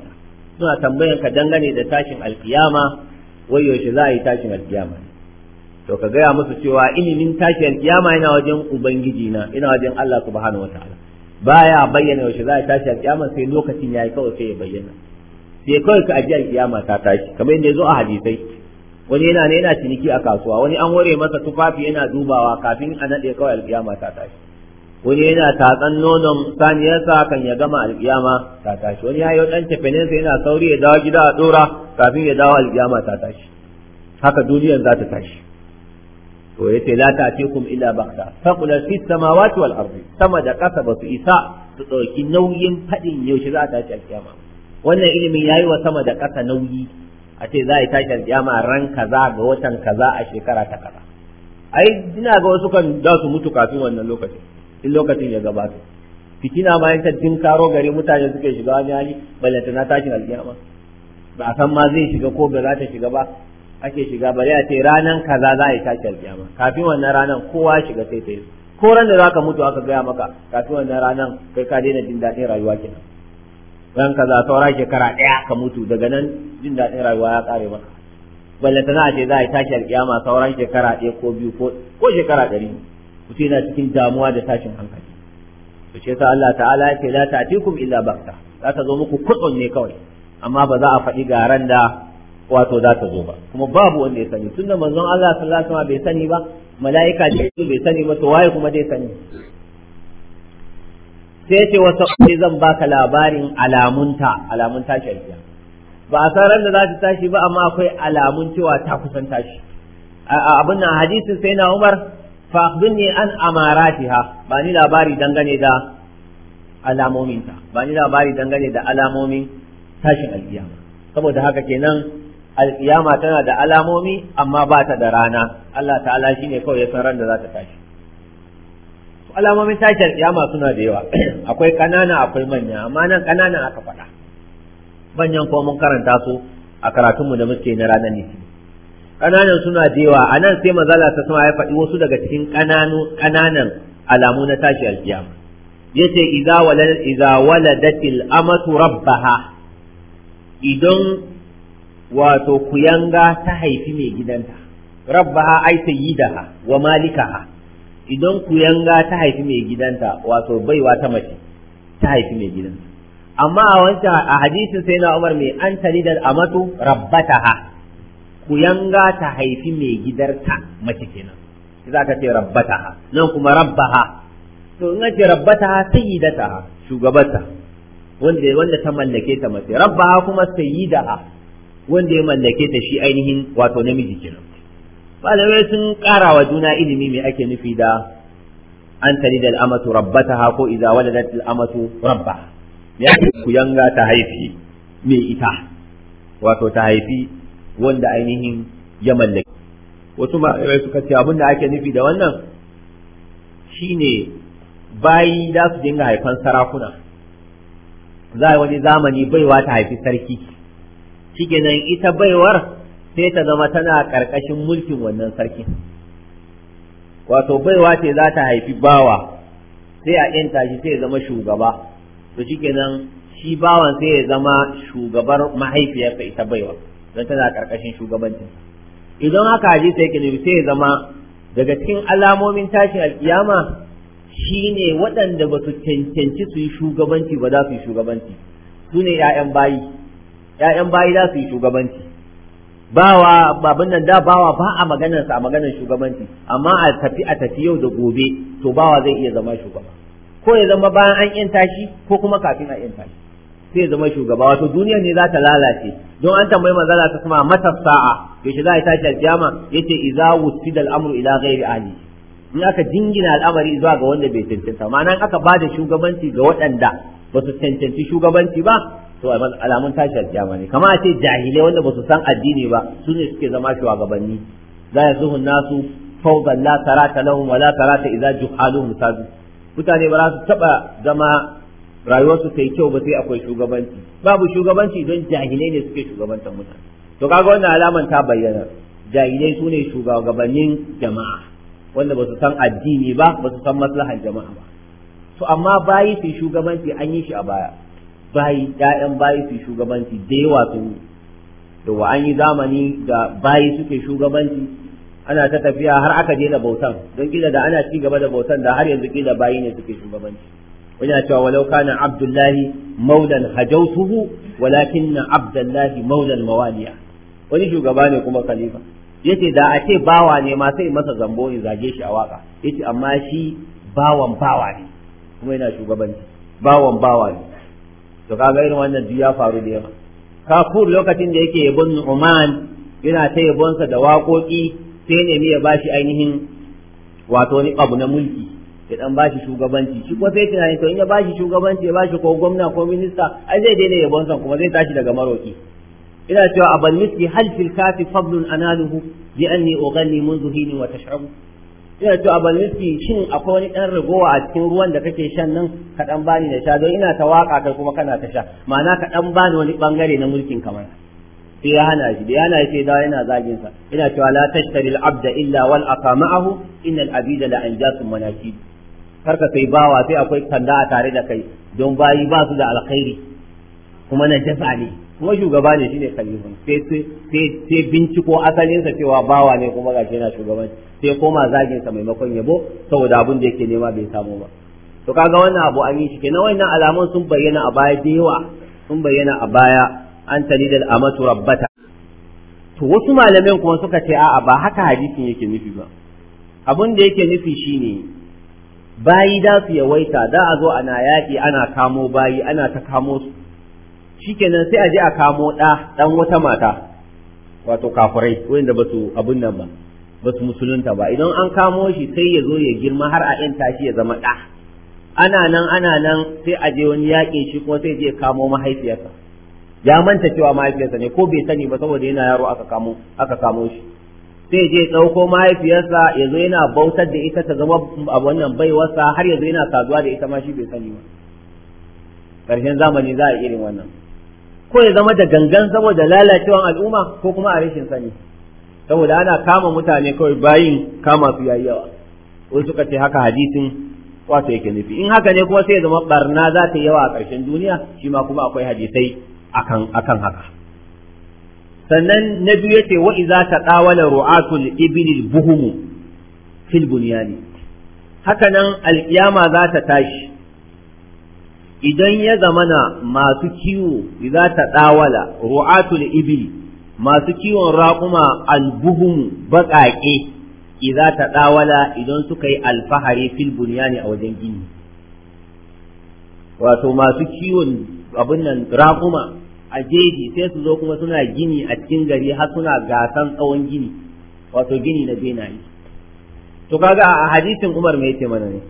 suna tambayan ka dangane da tashin alkiyama wai yaushe za a yi tashin alkiyama to ka gaya musu cewa ilimin tashi alkiyama yana wajen ubangiji na ina wajen Allah subhanahu wataala baya bayyana yaushe za a tashi alkiyama sai lokacin yayi kawai sai ya bayyana sai kawai ka ajiya alkiyama ta tashi kamar yadda yazo a hadisai wani yana ne yana ciniki a kasuwa wani an ware masa tufafi yana dubawa kafin a nade kawai alkiyama ta tashi wani yana tatsan nonon saniyarsa kan ya gama alkiyama ta tashi wani ya yi dan tafenensa yana sauri ya dawo gida a dora kafin ya dawo alkiyama ta tashi haka duniyar za ta tashi to yace la ta'tikum illa baghta faqul fi samawati wal ardi sama da kasa ba su isa su dauki nauyin fadin yaushe za a tashi alkiyama wannan ilimin yayi wa sama da kasa nauyi a ce za a yi tashi alkiyama ran kaza ga watan kaza a shekara ta kaza ai ina ga wasu kan da su mutu kafin wannan lokacin in lokacin ya gabata fitina ma ta din karo gari mutane suke shiga wani hali balantana tashin alkiyama ba a san ma zai shiga ko ba za ta shiga ba ake shiga bari a ce ranan kaza za a yi tashi alkiyama kafin wannan ranan kowa shiga sai sai ko ran da za ka mutu aka gaya maka kafin wannan ranan kai ka daina jin daɗin rayuwa kenan ran kaza saura shekara ɗaya ka mutu daga nan jin daɗin rayuwa ya kare maka ta za a ce za a yi tashi alkiyama sauran shekara ɗaya ko biyu ko shekara ɗari mutum yana cikin damuwa da tashin hankali to shi yasa Allah ta'ala ya ce la ta'tikum illa bakta za ta zo muku kutsun ne kawai amma ba za a faɗi garan da wato za ta zo ba kuma babu wanda ya sani tunda manzon Allah sallallahu alaihi wasallam bai sani ba mala'ika su bai sani ba to waye kuma dai sani sai ce wata ne zan baka labarin alamunta alamun tashi ba a san da za ta tashi ba amma akwai alamun cewa ta kusan tashi abin nan hadisin sai na Umar fa akhbirni an amaratiha ba ni labari dangane da alamominta ba ni labari dangane da alamomin tashin alkiyama saboda haka kenan alƙiyama tana da alamomi amma ba ta da rana Allah ta'ala shi ne kawai ya san ran da za ta tashi alamomin tashi alƙiyama suna da yawa akwai ƙanana akwai manya amma nan ƙanana aka faɗa manyan kuma mun karanta su a karatunmu da muke na ranar ne ƙananan suna da yawa a nan sai maza ta sama ya faɗi wasu daga cikin ƙananu ƙananan alamu na tashi alƙiyama yace idza walad idza waladatil amatu rabbaha idan wato kuyanga ta haifi mai gidanta rabbaha ai sayyidaha wa malikaha idan kuyanga ta haifi mai gidanta wato baiwa ta mace ta haifi mai gidanta amma a wancan a hadisin sai na Umar mai an talidal amatu rabbataha kuyanga ta haifi mai gidarta mace kenan za ka ce rabbataha nan kuma rabbaha to in ce rabbataha sayyidataha shugabata wanda wanda ta mallake ta mace rabbaha kuma sayyidaha wanda ya mallake ta shi ainihin wato namiji kenan malamai sun ƙara wa juna ilimi me ake nufi da an tani da al'amatu ha ko idza waladat al'amatu rabba ya ku yanga ta haifi me ita wato ta haifi wanda ainihin ya mallake wasu malamai suka ce abin da ake nufi da wannan shine bayi za su dinga haifan sarakuna za a wani zamani baiwa ta haifi sarki nan ita baiwar sai ta zama tana karkashin mulkin wannan sarki wato baiwa ce za ta haifi bawa sai a yanta shi sai ya zama shugaba to nan shi bawan sai ya zama shugabar mahaifiyarsa ita baiwa don tana karkashin shugabancin idan haka ji sai ke sai ya zama daga cikin alamomin tashin alkiyama shine waɗanda ba su cancanci su yi shugabanci ba za su yi shugabanci su ne 'ya'yan bayi ƴaƴan bayi za su yi shugabanci bawa babin nan da bawa ba a maganar sa a maganar shugabanci amma a tafi a tafi yau da gobe to bawa zai iya zama shugaba ko ya zama bayan an yin tashi ko kuma kafin a yin tashi. sai ya zama shugaba wato duniyar ne za ta lalace don an tambayi manzala ta kuma mata sa'a yaushe za a tashi aljama ce iza wusida da amru ila gairi ali in aka jingina al'amari zuwa ga wanda bai cancanta ma'ana in aka bada shugabanci ga waɗanda ba su cancanci shugabanci ba to alamun tashi alkiyama ne Kamar a ce jahilai wanda ba su san addini ba su ne suke zama shugabanni za ya zuhun nasu fawdan la tarata lahum wa la tarata idza juhaluhum sadu mutane ba za su taba zama rayuwarsu ta kyau ba sai akwai shugabanci babu shugabanci don jahilai ne suke shugabantar mutane to kaga wannan alaman ta bayyana jahilai su ne shugabannin jama'a wanda ba su san addini ba ba su san maslahar jama'a ba to amma bayi su shugabanci an yi shi a baya bayi ƴaƴan bayi su shugabanci da yawa sun yi to wa an yi zamani da bayi suke shugabanci ana ta tafiya har aka je da bautan don kila da ana ci gaba da bautan da har yanzu kila bayi ne suke shugabanci wani ya cewa walau kana abdullahi maulan hajautuhu walakin na abdullahi maulan mawaliya wani shugaba ne kuma khalifa yace da a ce bawa ne ma sai masa zambo in zage shi a waka yace amma shi bawan bawa ne kuma yana shugabanci bawan bawa ne to kaga irin wannan duk ya faru da yawa kafur lokacin da yake yabon Nu'man yana ta yabonsa da wakoki sai ne ya bashi ainihin wato ni abu na mulki ya dan bashi shugabanci shi kuma sai tunani to in ya bashi shugabanci ya bashi ko gwamna ko minista ai zai daina yabon san kuma zai tashi daga maroki ina cewa abal miski hal fil kafi fadlun analuhu bi anni ughanni منذ wa tash'abu ina to a balnisti shin akwai wani ɗan ragowa a cikin ruwan da kake shan nan ka ɗan bani na sha don ina ta waka kai kuma kana ta sha ma'ana ka ɗan bani wani ɓangare na mulkin kamar sai ya hana shi da ya hana shi da yana zagin sa ina cewa la tashtari al-abda illa wal aqa ma'ahu innal abida la anjasun manakib kai bawa sai akwai kanda a tare da kai don bayi ba su da alkhairi kuma najasa ne kuma shugaba ne shine khalifa sai sai binciko asalinsa cewa bawa ne kuma gashi yana shugabanci sai koma zagin sa maimakon yabo saboda abin da yake nema bai samu ba to kaga wannan abu an yi shi kenan wannan alamun sun bayyana a baya da yawa sun bayyana a baya an talidal amatu rabbata to wasu malamin kuma suka ce a'a ba haka hadisin yake nufi ba abin da yake nufi shine bayi da su yawaita da a zo ana yaƙi ana kamo bayi ana ta kamo shikenan sai a je a kamo ɗa ɗan wata mata wato kafurai wanda ba su abin nan ba ba su musulunta ba idan an kamo shi sai ya zo ya girma har a yan tashi ya zama ɗa ana nan ana nan sai a je wani yaƙin shi kuma sai je kamo mahaifiyarsa ya manta cewa mahaifiyarsa ne ko bai sani ba saboda yana yaro aka kamo aka kamo shi sai je ɗauko mahaifiyarsa ya zo yana bautar da ita ta zama a wannan baiwarsa har ya zo yana saduwa da ita ma shi bai sani ba ƙarshen zamani za a irin wannan ko ya zama da gangan saboda lalacewan al'umma ko kuma a rashin sani saboda ana kama mutane kawai bayin kama su yayi yawa wasu suka ce haka hadisin wato yake nufi in haka ne kuma sai ya zama barna za ta yawa a ƙarshen duniya shi ma kuma akwai hadisai akan akan haka sannan na biyu ya wa'i za ta ɗawala ru'atul Ibilil Buhumu fil bunyani haka nan alkiyama za ta tashi idan ya zamana masu kiwo za ta dawala ru'atul ibil masu kiwon raƙuma albuhum baƙaƙe idza ta dawala idan suka yi alfahari fil bunyani a wajen gini wato masu kiwon abin nan raƙuma a jeji sai su zo kuma suna gini a cikin gari har suna gasan tsawon gini wato gini na benaye to kaga a hadisin Umar me yace mana ne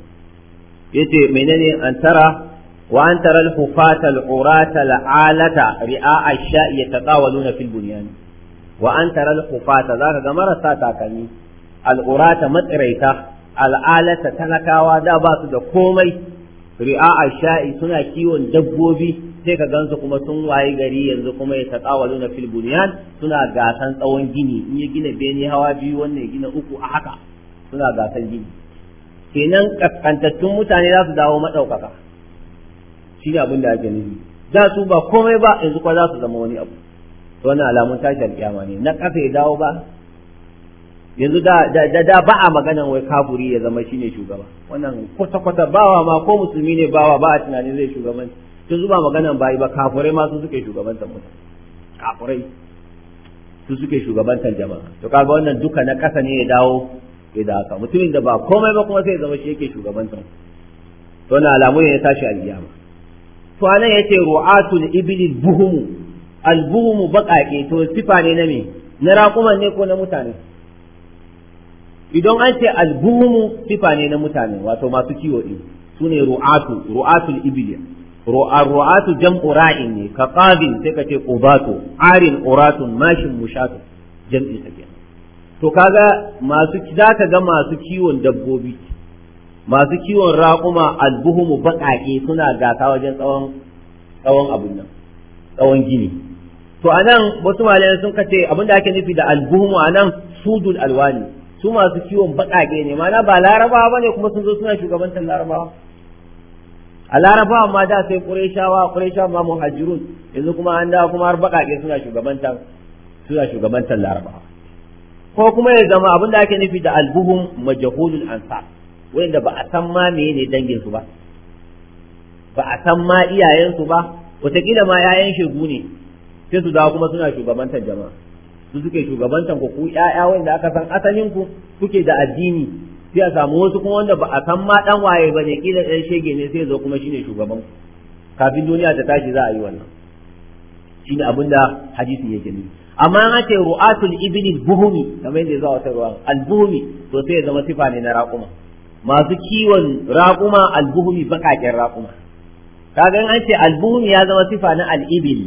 yace menene an tara وأن ترى الحفاة العراة العالة رعاء الشاء يتطاولون في البنيان وأن ترى الحفاة ذاك جمرة ساتاكني العراة متريتا العالة تلكاوا دابات دكومي رعاء الشاء سنة كيون دبوبي sai ka gansu kuma sun waye gari yanzu kuma ya ta tsawalu na filbuniyan suna gasan tsawon gini in ya gina bene hawa biyu wannan gina uku a haka suna gasan gini kenan kaskantattun mutane za su dawo maɗaukaka shi ne abin da ake nufi da su ba komai ba yanzu kwa za su zama wani abu to wannan alamun tashi alƙiyama ne na kafa ya dawo ba yanzu da da ba a maganan wai kafuri ya zama shi ne shugaba wannan kwata kwata bawa ma ko musulmi ne bawa ba a tunanin zai shugaban yanzu ba maganan bayi ba kafurai ma su suke shugabantar mutane kafurai su suke shugabantar jama'a to kaga wannan duka na kasa ne ya dawo ya da haka mutumin da ba komai ba kuma sai ya zama shi yake shugabantar to na alamu ne ya tashi alƙiyama to anan ce ru'atul ibil buhumu al buhumu baƙaƙe to sifa ne na me na raƙuman ne ko na mutane idan an ce al buhumu sifa ne na mutane wato masu kiwo din sune ru'atu ru'atul ibil ru'atu jam'u ra'in ne ka qadin sai ka ce qubatu arin uratun mashin mushatu jam'i take to kaga masu zaka ga masu kiwon dabbobi masu kiwon raƙuma albuhumu baƙaƙe suna gasa wajen tsawon abin nan tsawon gini to a nan wasu malamai sun kace abin da ake nufi da albuhumu nan sudul alwani su masu kiwon baƙaƙe ne mana ba larabawa ne kuma sun zo suna shugabantar larabawa a larabawa ma da sai ƙureshawa ƙureshawa ma muhajirun yanzu kuma an dawo kuma har baƙaƙe suna shugabantar suna shugabantar larabawa ko kuma ya zama abin da ake nufi da albuhum majahulul ansar wanda ba a san ma meye ne dangin su ba ba a san ma iyayen su ba wataƙila ma 'ya'yan shegu ne sai su dawo kuma suna shugabantar jama'a su suke shugabantar ku ku ƴaƴa wanda aka san asalin ku kuke da addini sai a samu wasu kuma wanda ba a san ma dan waye bane kila dan shege ne sai zo kuma shine shugaban ku kafin duniya ta tashi za a yi wannan shine abinda hadisi yake ni. amma an ce ru'atul ibni buhumi kamar yadda zuwa ta ruwa al-buhumi to sai ya zama sifa ne na raquma masu kiwon raƙuma albuhumi baƙaƙen raƙuma kaga an ce albuhumi ya zama sifa na al'ibil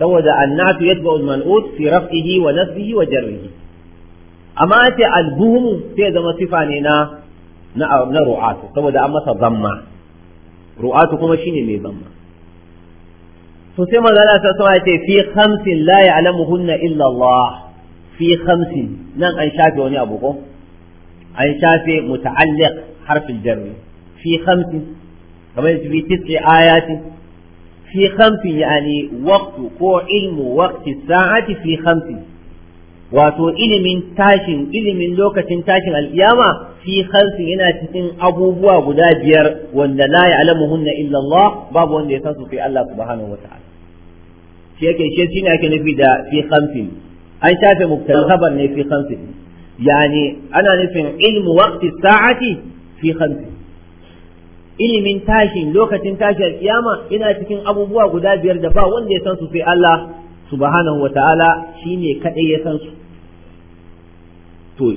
saboda annatu yatba'u al-man'ut fi raf'ihi wa nasbihi wa jarrihi amma an ce albuhumu sai zama sifa ne na na ru'atu saboda an masa zamma ru'atu kuma shine mai zamma to sai manzo Allah sallallahu alaihi ce fi khamsin la ya'lamuhunna illa Allah fi khamsin nan an shafe wani abu ko an shafe muta'alliq harfin jarri fi khamsi kamar fi tis'i ayatin fi khamsi yani waqtu ko ilmu waqti sa'ati fi khamsi wato ilimin tashin ilimin lokacin tashin alkiyama fi khamsi yana cikin abubuwa guda biyar wanda la ya'lamuhunna illa Allah babu wanda ya san su sai Allah subhanahu wata'ala shi yake shi shine ake nufi da fi khamsi an shafe mubtada khabar ne fi khamsi yani ana nufin ilmu waqti sa'ati fi khamsi ilimin tashin lokacin tashin ƙiyama ina cikin abubuwa guda biyar da ba wanda ya san su sai Allah subhanahu wataala shine kadai ya san su to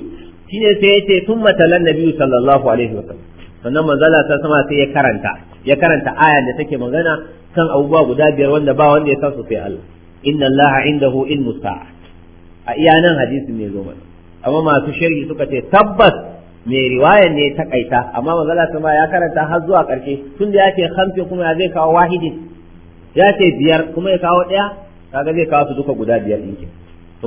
shine sai yace tun sallallahu alaihi sannan manzala ta sama sai ya karanta ya karanta aya da take magana kan abubuwa guda biyar wanda ba wanda ya san su sai Allah inna Allah indahu ilmu sa'a a iya nan hadisi ne zo mana amma masu sharhi suka ce tabbas mai riwayar ne ta kaita amma manzala ma ya karanta har zuwa karshe tun da ya ce hamsin kuma ya zai kawo wahidin ya ce biyar kuma ya kawo ɗaya kaga zai kawo su duka guda biyar ɗin ke to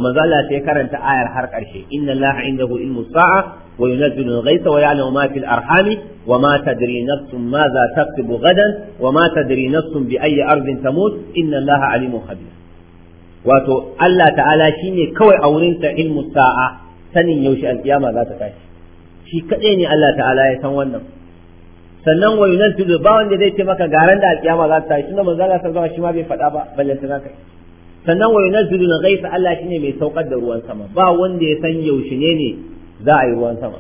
karanta ayar har karshe inna Allaha indahu ilmu sa'a wa yunazzilu al-ghaytha wa ya'lamu ma fil arhami wa ma tadri nafsun ma za taktubu gadan wa ma tadri nafsun bi ayyi ardin tamut inna Allaha alimun khabir wato Allah ta'ala shine kawai a wurin ta ilmu sa'a sanin yaushe alkiyama za ta tashi shi kaɗai ne Allah ta'ala ya san wannan sannan wa yunazzilu ba wanda zai ce maka garan da alkiyama za ta tashi tunda manzo Allah sallallahu alaihi wasallam shi ma bai faɗa ba balle sai kai sannan wa yunazzilu na ghaifa Allah shine mai saukar da ruwan sama ba wanda ya san yaushe ne ne za a yi ruwan sama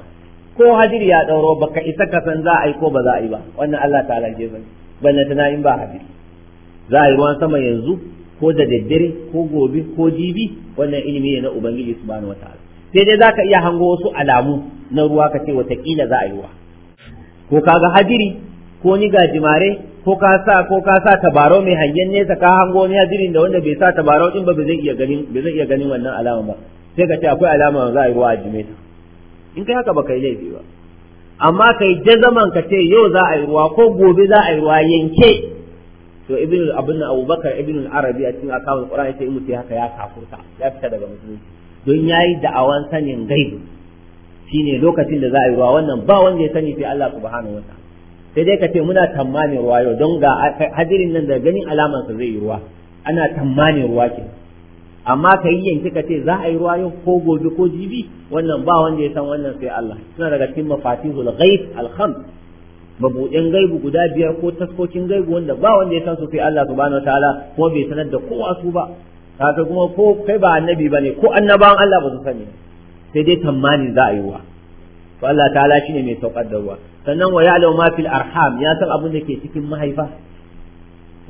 ko hadiri ya dauro baka isa ka san za a yi ko ba za a yi ba wannan Allah ta'ala ke sani balle tana in ba hadiri za a yi ruwan sama yanzu ko da daddare ko gobe ko jibi wannan ilimi ne na ubangiji subhanahu wataala sai dai zaka iya hango wasu alamu na ruwa ka ce watakila za a yi ruwa ko ka ga hadiri ko ni gajimare ko ka sa ko ka sa tabaro mai hangen nesa ka hango ni hadirin da wanda bai sa tabaro din ba zai iya ganin zai iya ganin wannan alama ba sai ka ce akwai alama za a yi ruwa a jimeta in kai haka ba kai laifi ba amma kai jazaman ka ce yau za a yi ruwa ko gobe za a yi ruwa yanke to ibn abin abubakar ibn arabi a cikin akawun qur'ani sai mutum haka ya kafurta ya fita daga musulunci don ya yi da'awan sanin gaibu shine lokacin da za a yi ruwa wannan ba wanda ya sani sai Allah subhanahu wa ta'ala sai dai ka ce muna tammanin ruwa yau don ga hadirin nan da ganin alaman sa zai yi ruwa ana tammanin ruwa ke amma ka yi yanki ka ce za a yi ruwa yau ko gobe ko jibi wannan ba wanda ya san wannan sai Allah suna daga cikin mafatihul ghaib al-khams mabudin gaibu guda biyar ko taskokin gaibu wanda ba wanda ya san su sai Allah subhanahu wataala ko bai sanar da kowa su ba kaga kuma ko kai ba annabi bane ko annabawan Allah ba su sani sai dai tamani za a yi wa to Allah ta'ala shine mai saukar da ruwa sannan wa ya'lamu ma fil arham ya san abin da ke cikin mahaifa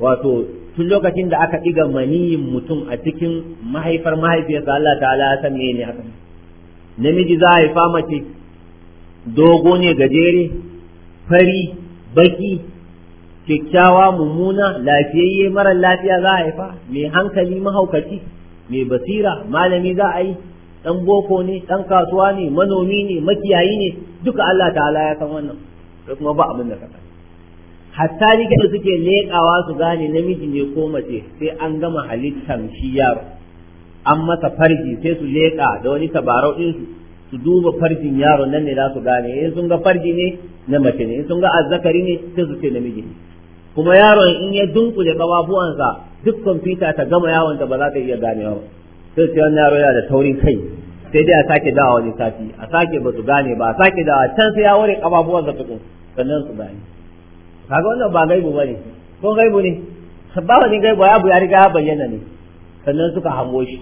wato tun lokacin da aka diga maniyin mutum a cikin mahaifar mahaifiyarsa Allah ta'ala ya san ne haka namiji za a haifa mace dogo ne gajere fari baki kyakkyawa mummuna lafiyayye mara lafiya za a haifa mai hankali mahaukaci mai basira malami za a yi dan boko ne dan kasuwa ne manomi ne makiyayi ne duka Allah ta'ala ya san wannan sai kuma ba abin da ka sani hatta likita suke leƙawa su gane namiji ne ko mace sai an gama halittan shi yaro an masa farji sai su leka da wani tabarau ɗinsu su duba farjin yaron nan ne za su gane in sun ga farji ne na mace ne in sun ga azzakari ne sai su ce namiji ne kuma yaron in ya dunkule kafafuwansa duk kwamfuta ta gama yawon ta ba za ta iya gane ba sai su yawon yaro yana da taurin kai sai dai a sake dawa wani sati a sake ba su gane ba a sake dawa can sai ya ware kafafuwansa tukun sannan su gane kaga wannan ba gaibu ba ne, ko gaibu ne ba wani gaibu ya riga ya bayyana ne sannan suka hango shi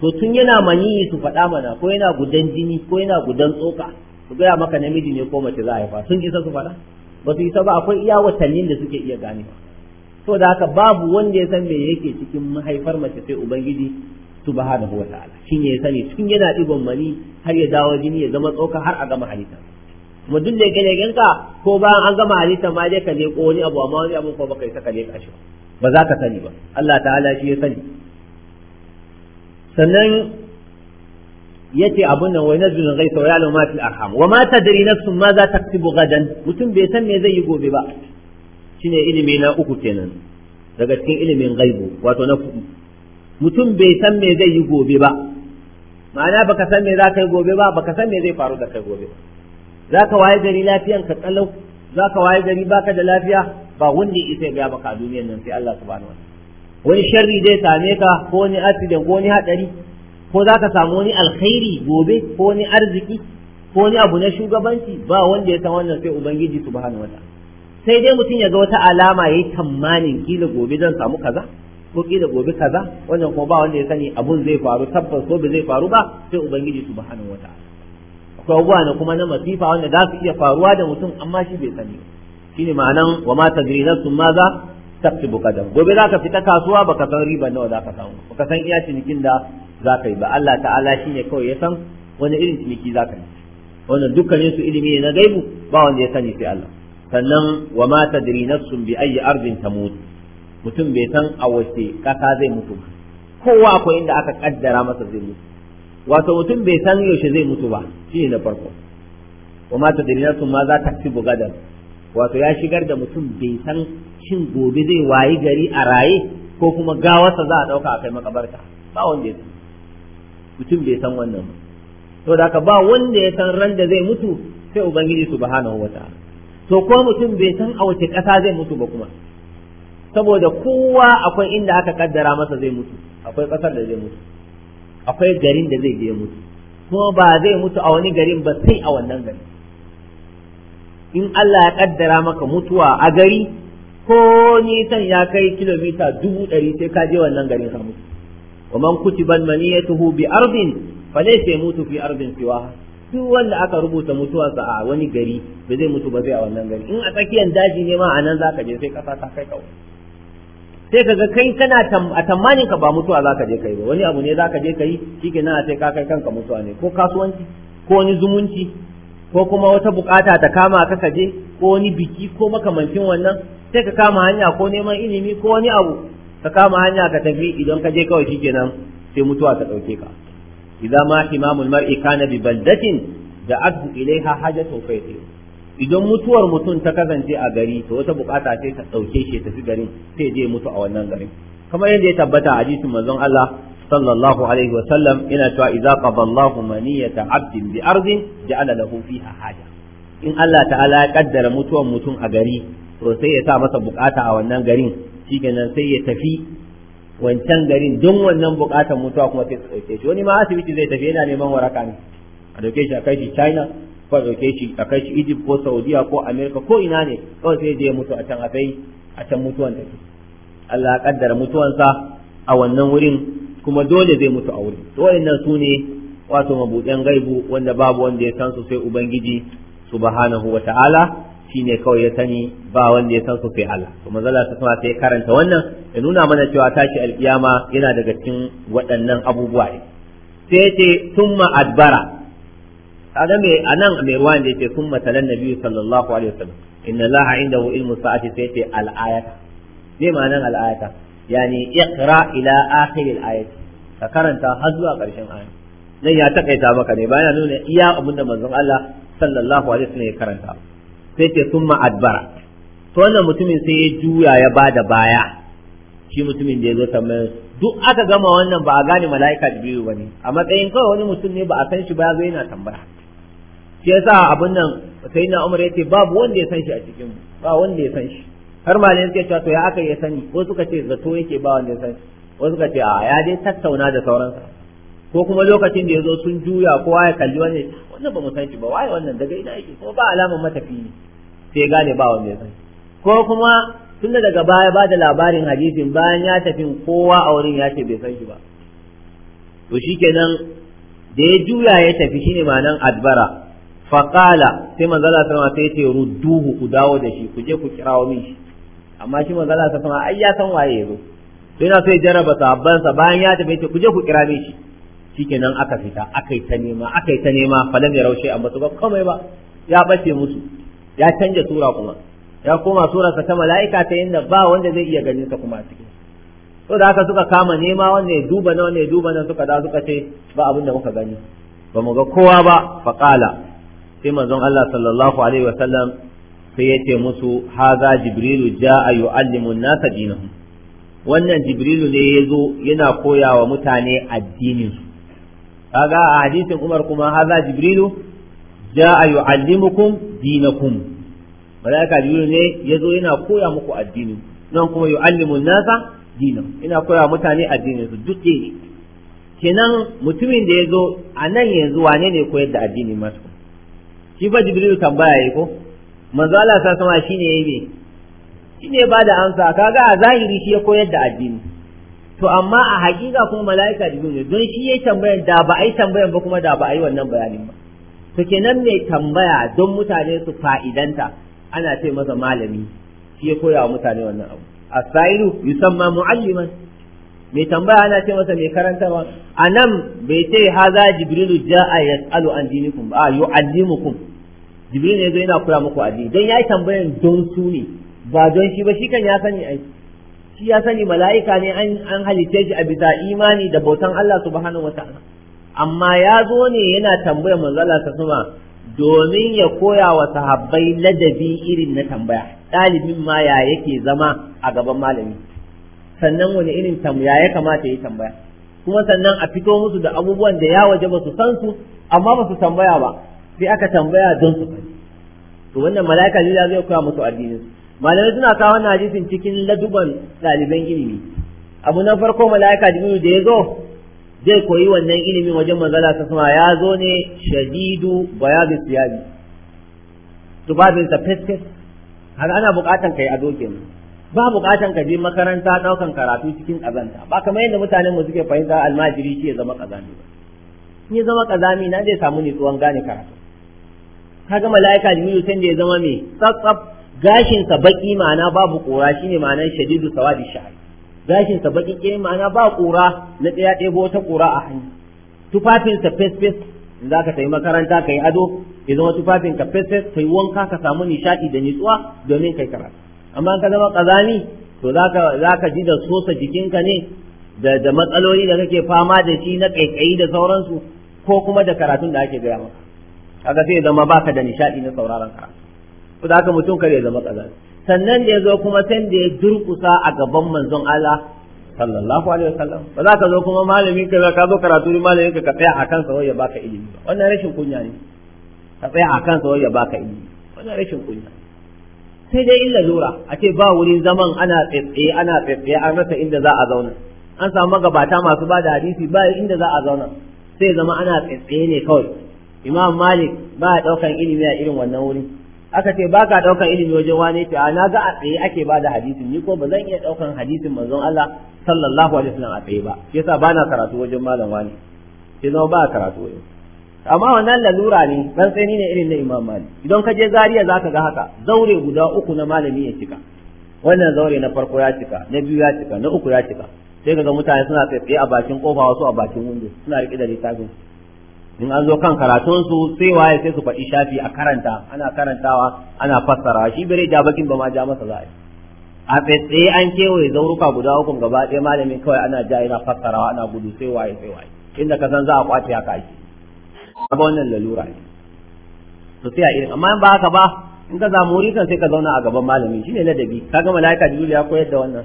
to tun yana maniyi su faɗa mana ko yana gudan jini ko yana gudan tsoka su gaya maka namiji ne ko mace za a haifa sun isa su faɗa ba su isa ba akwai iya watannin da suke iya gane ba. to da haka babu wanda ya san me yake cikin mahaifar mace sai ubangiji subhanahu wa ta'ala Shin ya sani tun yana ɗigon mani har ya dawo jini ya zama tsoka har a gama halitta kuma duk da ka ko bayan an gama halitta ma dai ka ko wani abu amma wani abu ko baka isa ka ka shi ba za ka sani ba Allah ta'ala shi ya sani sannan ya ce abun nan wa yanzul ghaith wa ya'lamu ma fil arham wa ma ta tadri nafsun ma za ta taktubu gadan mutum bai san me zai yi gobe ba shine ilimi na uku kenan daga cikin ilimin ghaibu wato na kuɗi. mutum bai san me zai yi gobe ba ma'ana baka san me za ka yi gobe ba baka san me zai faru da kai gobe ba za ka waye gari lafiyan ka kalau za ka waye gari baka da lafiya ba wanda isa ya baka a duniyar nan sai Allah subhanahu wa ta'ala wani sharri zai same ka ko wani accident ko wani hadari ko za ka samu wani alkhairi gobe ko wani arziki ko wani abu na shugabanci ba wanda ya san wannan sai ubangiji subhanahu wata. sai dai mutum ya ga wata alama yayi tamanin kila gobe zan samu kaza ko kila gobe kaza wannan kuma ba wanda ya sani abun zai faru tabbas ko zai faru ba sai ubangiji subhanahu wata. akwai abuwa ne kuma na masifa wanda za su iya faruwa da mutum amma shi bai sani shine ma'anan wa ma tadri nafsun maza? taqtibu qadam gobe zaka fita kasuwa baka san riba nawa zaka samu baka san iya cinikin da zaka yi ba Allah ta'ala shine kawai ya san wani irin ciniki zaka yi wannan dukkanin su ilimi ne na gaibu ba wanda ya sani sai Allah sannan wa ma tadri nafsun bi ayyi ardin tamut mutum bai san a wace kasa zai mutu ba kowa akwai inda aka kaddara masa zai mutu wato mutum bai san yaushe zai mutu ba shine na farko wa ma tadri nafsun ma za ta ci bugadan wato ya shigar da mutum bai san shin gobe zai wayi gari a raye ko kuma gawarsa za a ɗauka a kai makabarta ba wanda ya san mutum bai san wannan ba to da ka ba wanda ya san ran da zai mutu sai ubangiji subhanahu wataala to ko mutum bai san a wace ƙasa zai mutu ba kuma saboda kowa akwai inda aka kaddara masa zai mutu akwai ƙasar da zai mutu akwai garin da zai je mutu kuma ba zai mutu a wani garin ba sai a wannan garin in Allah ya kaddara maka mutuwa a gari ko nisan ya kai kilomita dubu ɗari sai ka je wannan garin ka mutu wa man kutiban maniyatuhu bi ardin fa laysa yamutu fi ardin siwa duk wanda aka rubuta mutuwarsa a wani gari ba zai mutu ba sai a wannan gari in a tsakiyar daji ne ma a nan zaka je sai kasa ta kai kawai sai kaga kai kana a tamanin ka ba mutuwa zaka je kai ba wani abu ne zaka je kai shikenan sai ka kai kanka mutuwa ne ko kasuwanci ko wani zumunci ko kuma wata bukata ta kama ka kaje ko wani biki ko makamancin wannan sai ka kama hanya ko neman ilimi ko wani abu ka kama hanya ka tafi idan ka je kawai shikenan sai mutuwa ta dauke ka idan ma imamul mar'i kana bi baldatin da abdu ilaiha hajatu fa idan mutuwar mutum ta kasance a gari to wata bukata sai ta dauke shi tafi garin sai je mutu a wannan garin kamar yadda ya tabbata a hadisin manzon Allah sallallahu alaihi wa sallam yana cewa idza qada Allahu maniyata 'abdin bi ardin da lahu fiha haja in Allah ta'ala ya kaddara mutuwan mutum a gari to sai ya masa bukata a wannan garin shikenan sai ya tafi wancan garin don wannan bukatar mutuwa kuma sai su dauke wani ma asibiti zai tafi yana neman waraka ne a dauke shi a kai China ko a dauke shi a kai Egypt ko Saudiyya ko America ko ina ne sai je mutu a can a kai a can mutuwan Allah ya kaddara mutuwansa a wannan wurin kuma dole zai mutu a wurin to waɗannan su wato mabudan gaibu wanda babu wanda ya san su sai ubangiji subhanahu wa ta'ala shine kawai ya sani ba wanda ya san su sai Allah kuma zalla ta sama sai karanta wannan ya nuna mana cewa tashi alkiyama yana daga cikin waɗannan abubuwa ne sai ce summa adbara kaga me anan mai ruwan da yake summa talan nabi sallallahu alaihi wasallam inna allaha indahu ilmu sa'ati sai ce al ayata me ma'anan al yani iqra ila akhir al-ayat ka karanta har zuwa ƙarshen ayat nan ya takaita maka ne bayan nuna iya abin da manzon Allah sallallahu alaihi wasallam ya karanta sai ce summa adbara to wannan mutumin sai ya juya ya bada baya shi mutumin da ya zo tambayar duk aka gama wannan ba a gane mala'ika biyu ba ne a matsayin kawai wani mutum ne ba a san shi ba zai na yana tambaya shi yasa abin nan sai na umar yace babu wanda ya san shi a cikin ba wanda ya san shi har malai suka cewa to ya aka ya sani ko suka ce zato yake ba wanda ya sani ko suka ce a ya dai tattauna da sauransa ko kuma lokacin da ya zo sun juya ko ya kalli wani wannan ba mu san shi ba waye wannan daga ina yake ko ba alaman matafi ne sai gane ba wanda ya sani ko kuma tun daga baya ba da labarin hadisin bayan ya tafi kowa a wurin ya ce bai san shi ba to shikenan da ya juya ya tafi shine ma'anan adbara faqala sai manzala sallama sai ya ce rudduhu ku dawo da shi ku je ku kirawo min shi amma shi manzo Allah sama ai ya san waye yazo sai na sai jaraba jarraba sa bayan ya tafi ce ku je ku kira shi shikenan aka fita aka yi ta nema aka yi ta nema falan ya raushe amma su ba komai ba ya bace musu ya canja sura kuma ya koma surarsa ta mala'ika ta da ba wanda zai iya ganin ka kuma a cikin to da haka suka kama nema wanda ya duba na wanda ya duba na suka da suka ce ba abin da muka gani ba mu ga kowa ba faqala sai manzon Allah sallallahu alaihi wasallam sai ya ce musu haza jibrilu yi yu'allimu mun nasa dinahu wannan jibrilu ne ya zo yana koya wa mutane addininsu. su kaga a hadisin Umar kuma haza jibrilu yi yu'allimukum dinakum malaika jibrilu ne ya zo yana koya muku addini nan kuma yu'allimu an-nasa dinahu yana koya mutane addininsu su duk ne kenan mutumin da ya zo a nan yanzu wane ne koyar da addini masu shi fa jibrilu tambaya yi ko manzo Allah ta sama shine yayi me shine ba da amsa kaga a zahiri shi ya koyar da addini to amma a hakika kuma malaika da ne don shi yayi tambayar da ba ai tambayar ba kuma da ba ai wannan bayanin ba to kenan me tambaya don mutane su fa'idanta ana ce masa malami shi ya koya wa mutane wannan abu asairu yusamma mualliman mai tambaya ana ce masa mai karantarwa anan bai ce haza jibrilu ja'a yas'alu an dinikum ba yu'allimukum jibril ne zo yana kura muku addini dan yayi tambayan don su ne ba don shi ba shi kan ya sani ai shi ya sani mala'ika ne an halitta shi a bisa imani da bautan Allah subhanahu wata'ala amma ya zo ne yana tambayar manzo Allah ta suma domin ya koya wa sahabbai ladabi irin na tambaya ɗalibin ma ya yake zama a gaban malami sannan wani irin tambaya ya kamata ya tambaya kuma sannan a fito musu da abubuwan da ya waje ba su san su amma ba su tambaya ba sai aka tambaya don su to wannan mala'ika ne zai koya musu addinin malamai suna kawo wannan hadisin cikin laduban ɗaliban ilimi abu na farko mala'ika jibril da ya zo zai koyi wannan ilimin wajen manzala ta sama ya zo ne shadidu bayadu siyabi babin fes-fes har ana bukatan ka yi doke mu. ba bukatan ka je makaranta daukan karatu cikin kazanta ba kamar yadda mutanen mu suke fahimta almajiri shi ya zama kazami ba ya zama kazami na zai samu ni tsohon gane karatu Ka mala'ika jibrilu sai ya zama mai tsatsaf gashin sa baki ma'ana babu shi shine ma'anar shadidu sawadi Shahi. gashin sa baki ke ma'ana ba ƙura na ɗaya, ba ta ƙura a hannu tufafin sa fes za ka yi makaranta ka yi ado ya zama tufafin ka fes kai yi wanka ka samu nishaɗi da nitsuwa domin kai karatu amma ka zama ƙazami, to za ka ji da sosa jikinka ne da matsaloli da kake fama da shi na ƙaiƙayi da sauransu ko kuma da karatun da ake gaya maka kaga sai zama baka da nishadi na sauraron ka ko da haka mutum kare zama kaza sannan da yazo kuma san da ya durkusa a gaban manzon Allah sallallahu alaihi wasallam ba za ka zo kuma malamin ka ka zo karatu ne malamin ka ka tsaya a kansa wai ya baka ilimi wannan rashin kunya ne ka tsaya a kansa wai ya baka ilimi wannan rashin kunya sai dai illa lura a ce ba wurin zaman ana tsaye ana tsaye an rasa inda za a zauna an samu magabata masu ba da hadisi ba inda za a zauna sai zama ana tsaye ne kawai imam malik ba ɗaukan ilimi a irin wannan wuri aka ce ba ka daukan ilimi wajen wani ce a na ga a tsaye ake bada hadisin ni ko ba zan iya ɗaukan hadisin manzon Allah sallallahu alaihi wasallam a tsaye ba yasa na karatu wajen malam wani shi zama ba karatu wajen amma wannan lalura ne dan sai ni ne irin na imam malik idan ka je zariya zaka ga haka zaure guda uku na malami ya cika wannan zaure na farko ya cika na biyu ya cika na uku ya cika sai ga mutane suna tsaye a bakin kofa wasu a bakin windo suna rike da littafin in an zo kan karatun su sai waye sai su faɗi shafi a karanta ana karantawa ana fassara shi bare ja bakin ba ma ja masa za'a a tsaye an kewaye zauruka guda uku gaba ɗaya malamin kawai ana ja yana fassarawa ana gudu sai waye sai waye inda ka san za a kwace haka ake ba wannan lalura ne to sai a irin amma in ba haka ba in ka zamu wuri kan sai ka zauna a gaban malami shine ladabi ka kaga malaika jibril ya koyar da wannan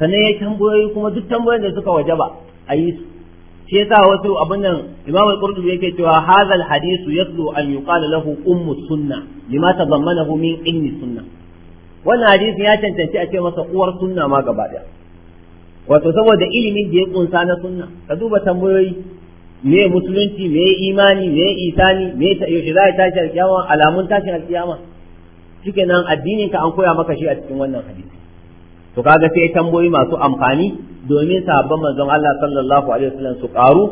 sannan ya tambayoyi kuma duk tambayoyin da suka wajaba a yi su shi yasa wasu abin nan imam al-qurtubi yake cewa hadha al-hadithu yatlu an yuqala lahu ummu sunnah lima tadammanahu min ilmi sunnah wannan hadisi ya cancanci a ce masa uwar sunna ma gaba daya wato saboda ilimin da ya kunsa na sunna ka duba tambayoyi me musulunci me imani me isani me yaushe za a tashi alkiyama alamun tashin alkiyama shikenan addinin ka an koya maka shi a cikin wannan hadisi to kaga sai tamboyi masu amfani domin sabon manzon Allah sallallahu alaihi wasallam su karu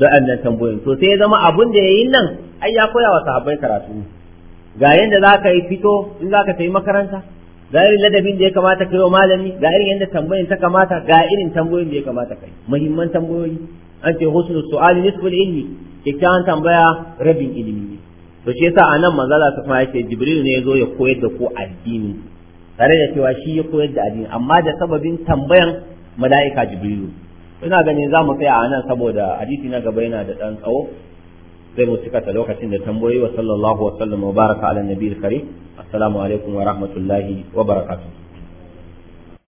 da annan tambayoyin to sai ya zama abun da yayin nan ai ya koya wa sahabbai karatu ga yanda zaka yi fito in zaka tafi makaranta ga irin ladabin da ya kamata kai wa malami ga irin yanda tambayin ta kamata ga irin tambayoyin da ya kamata kai muhimman tambayoyi an ce husnul su'ali nisful ilmi kyakkyawan tambaya rabin ilimi ne to shi yasa anan manzala ta kuma yake jibril ne ya zo ya koyar da ku addini tare da cewa shi ya koyar da addini amma da sababin tambayan mala'ika jibrilu ina ganin za mu tsaya a nan saboda hadisi na gaba yana da ɗan tsawo sai mu cikata lokacin da tambayoyi wa sallallahu wa sallam wa baraka ala nabiyil karim assalamu alaikum wa rahmatullahi wa barakatuh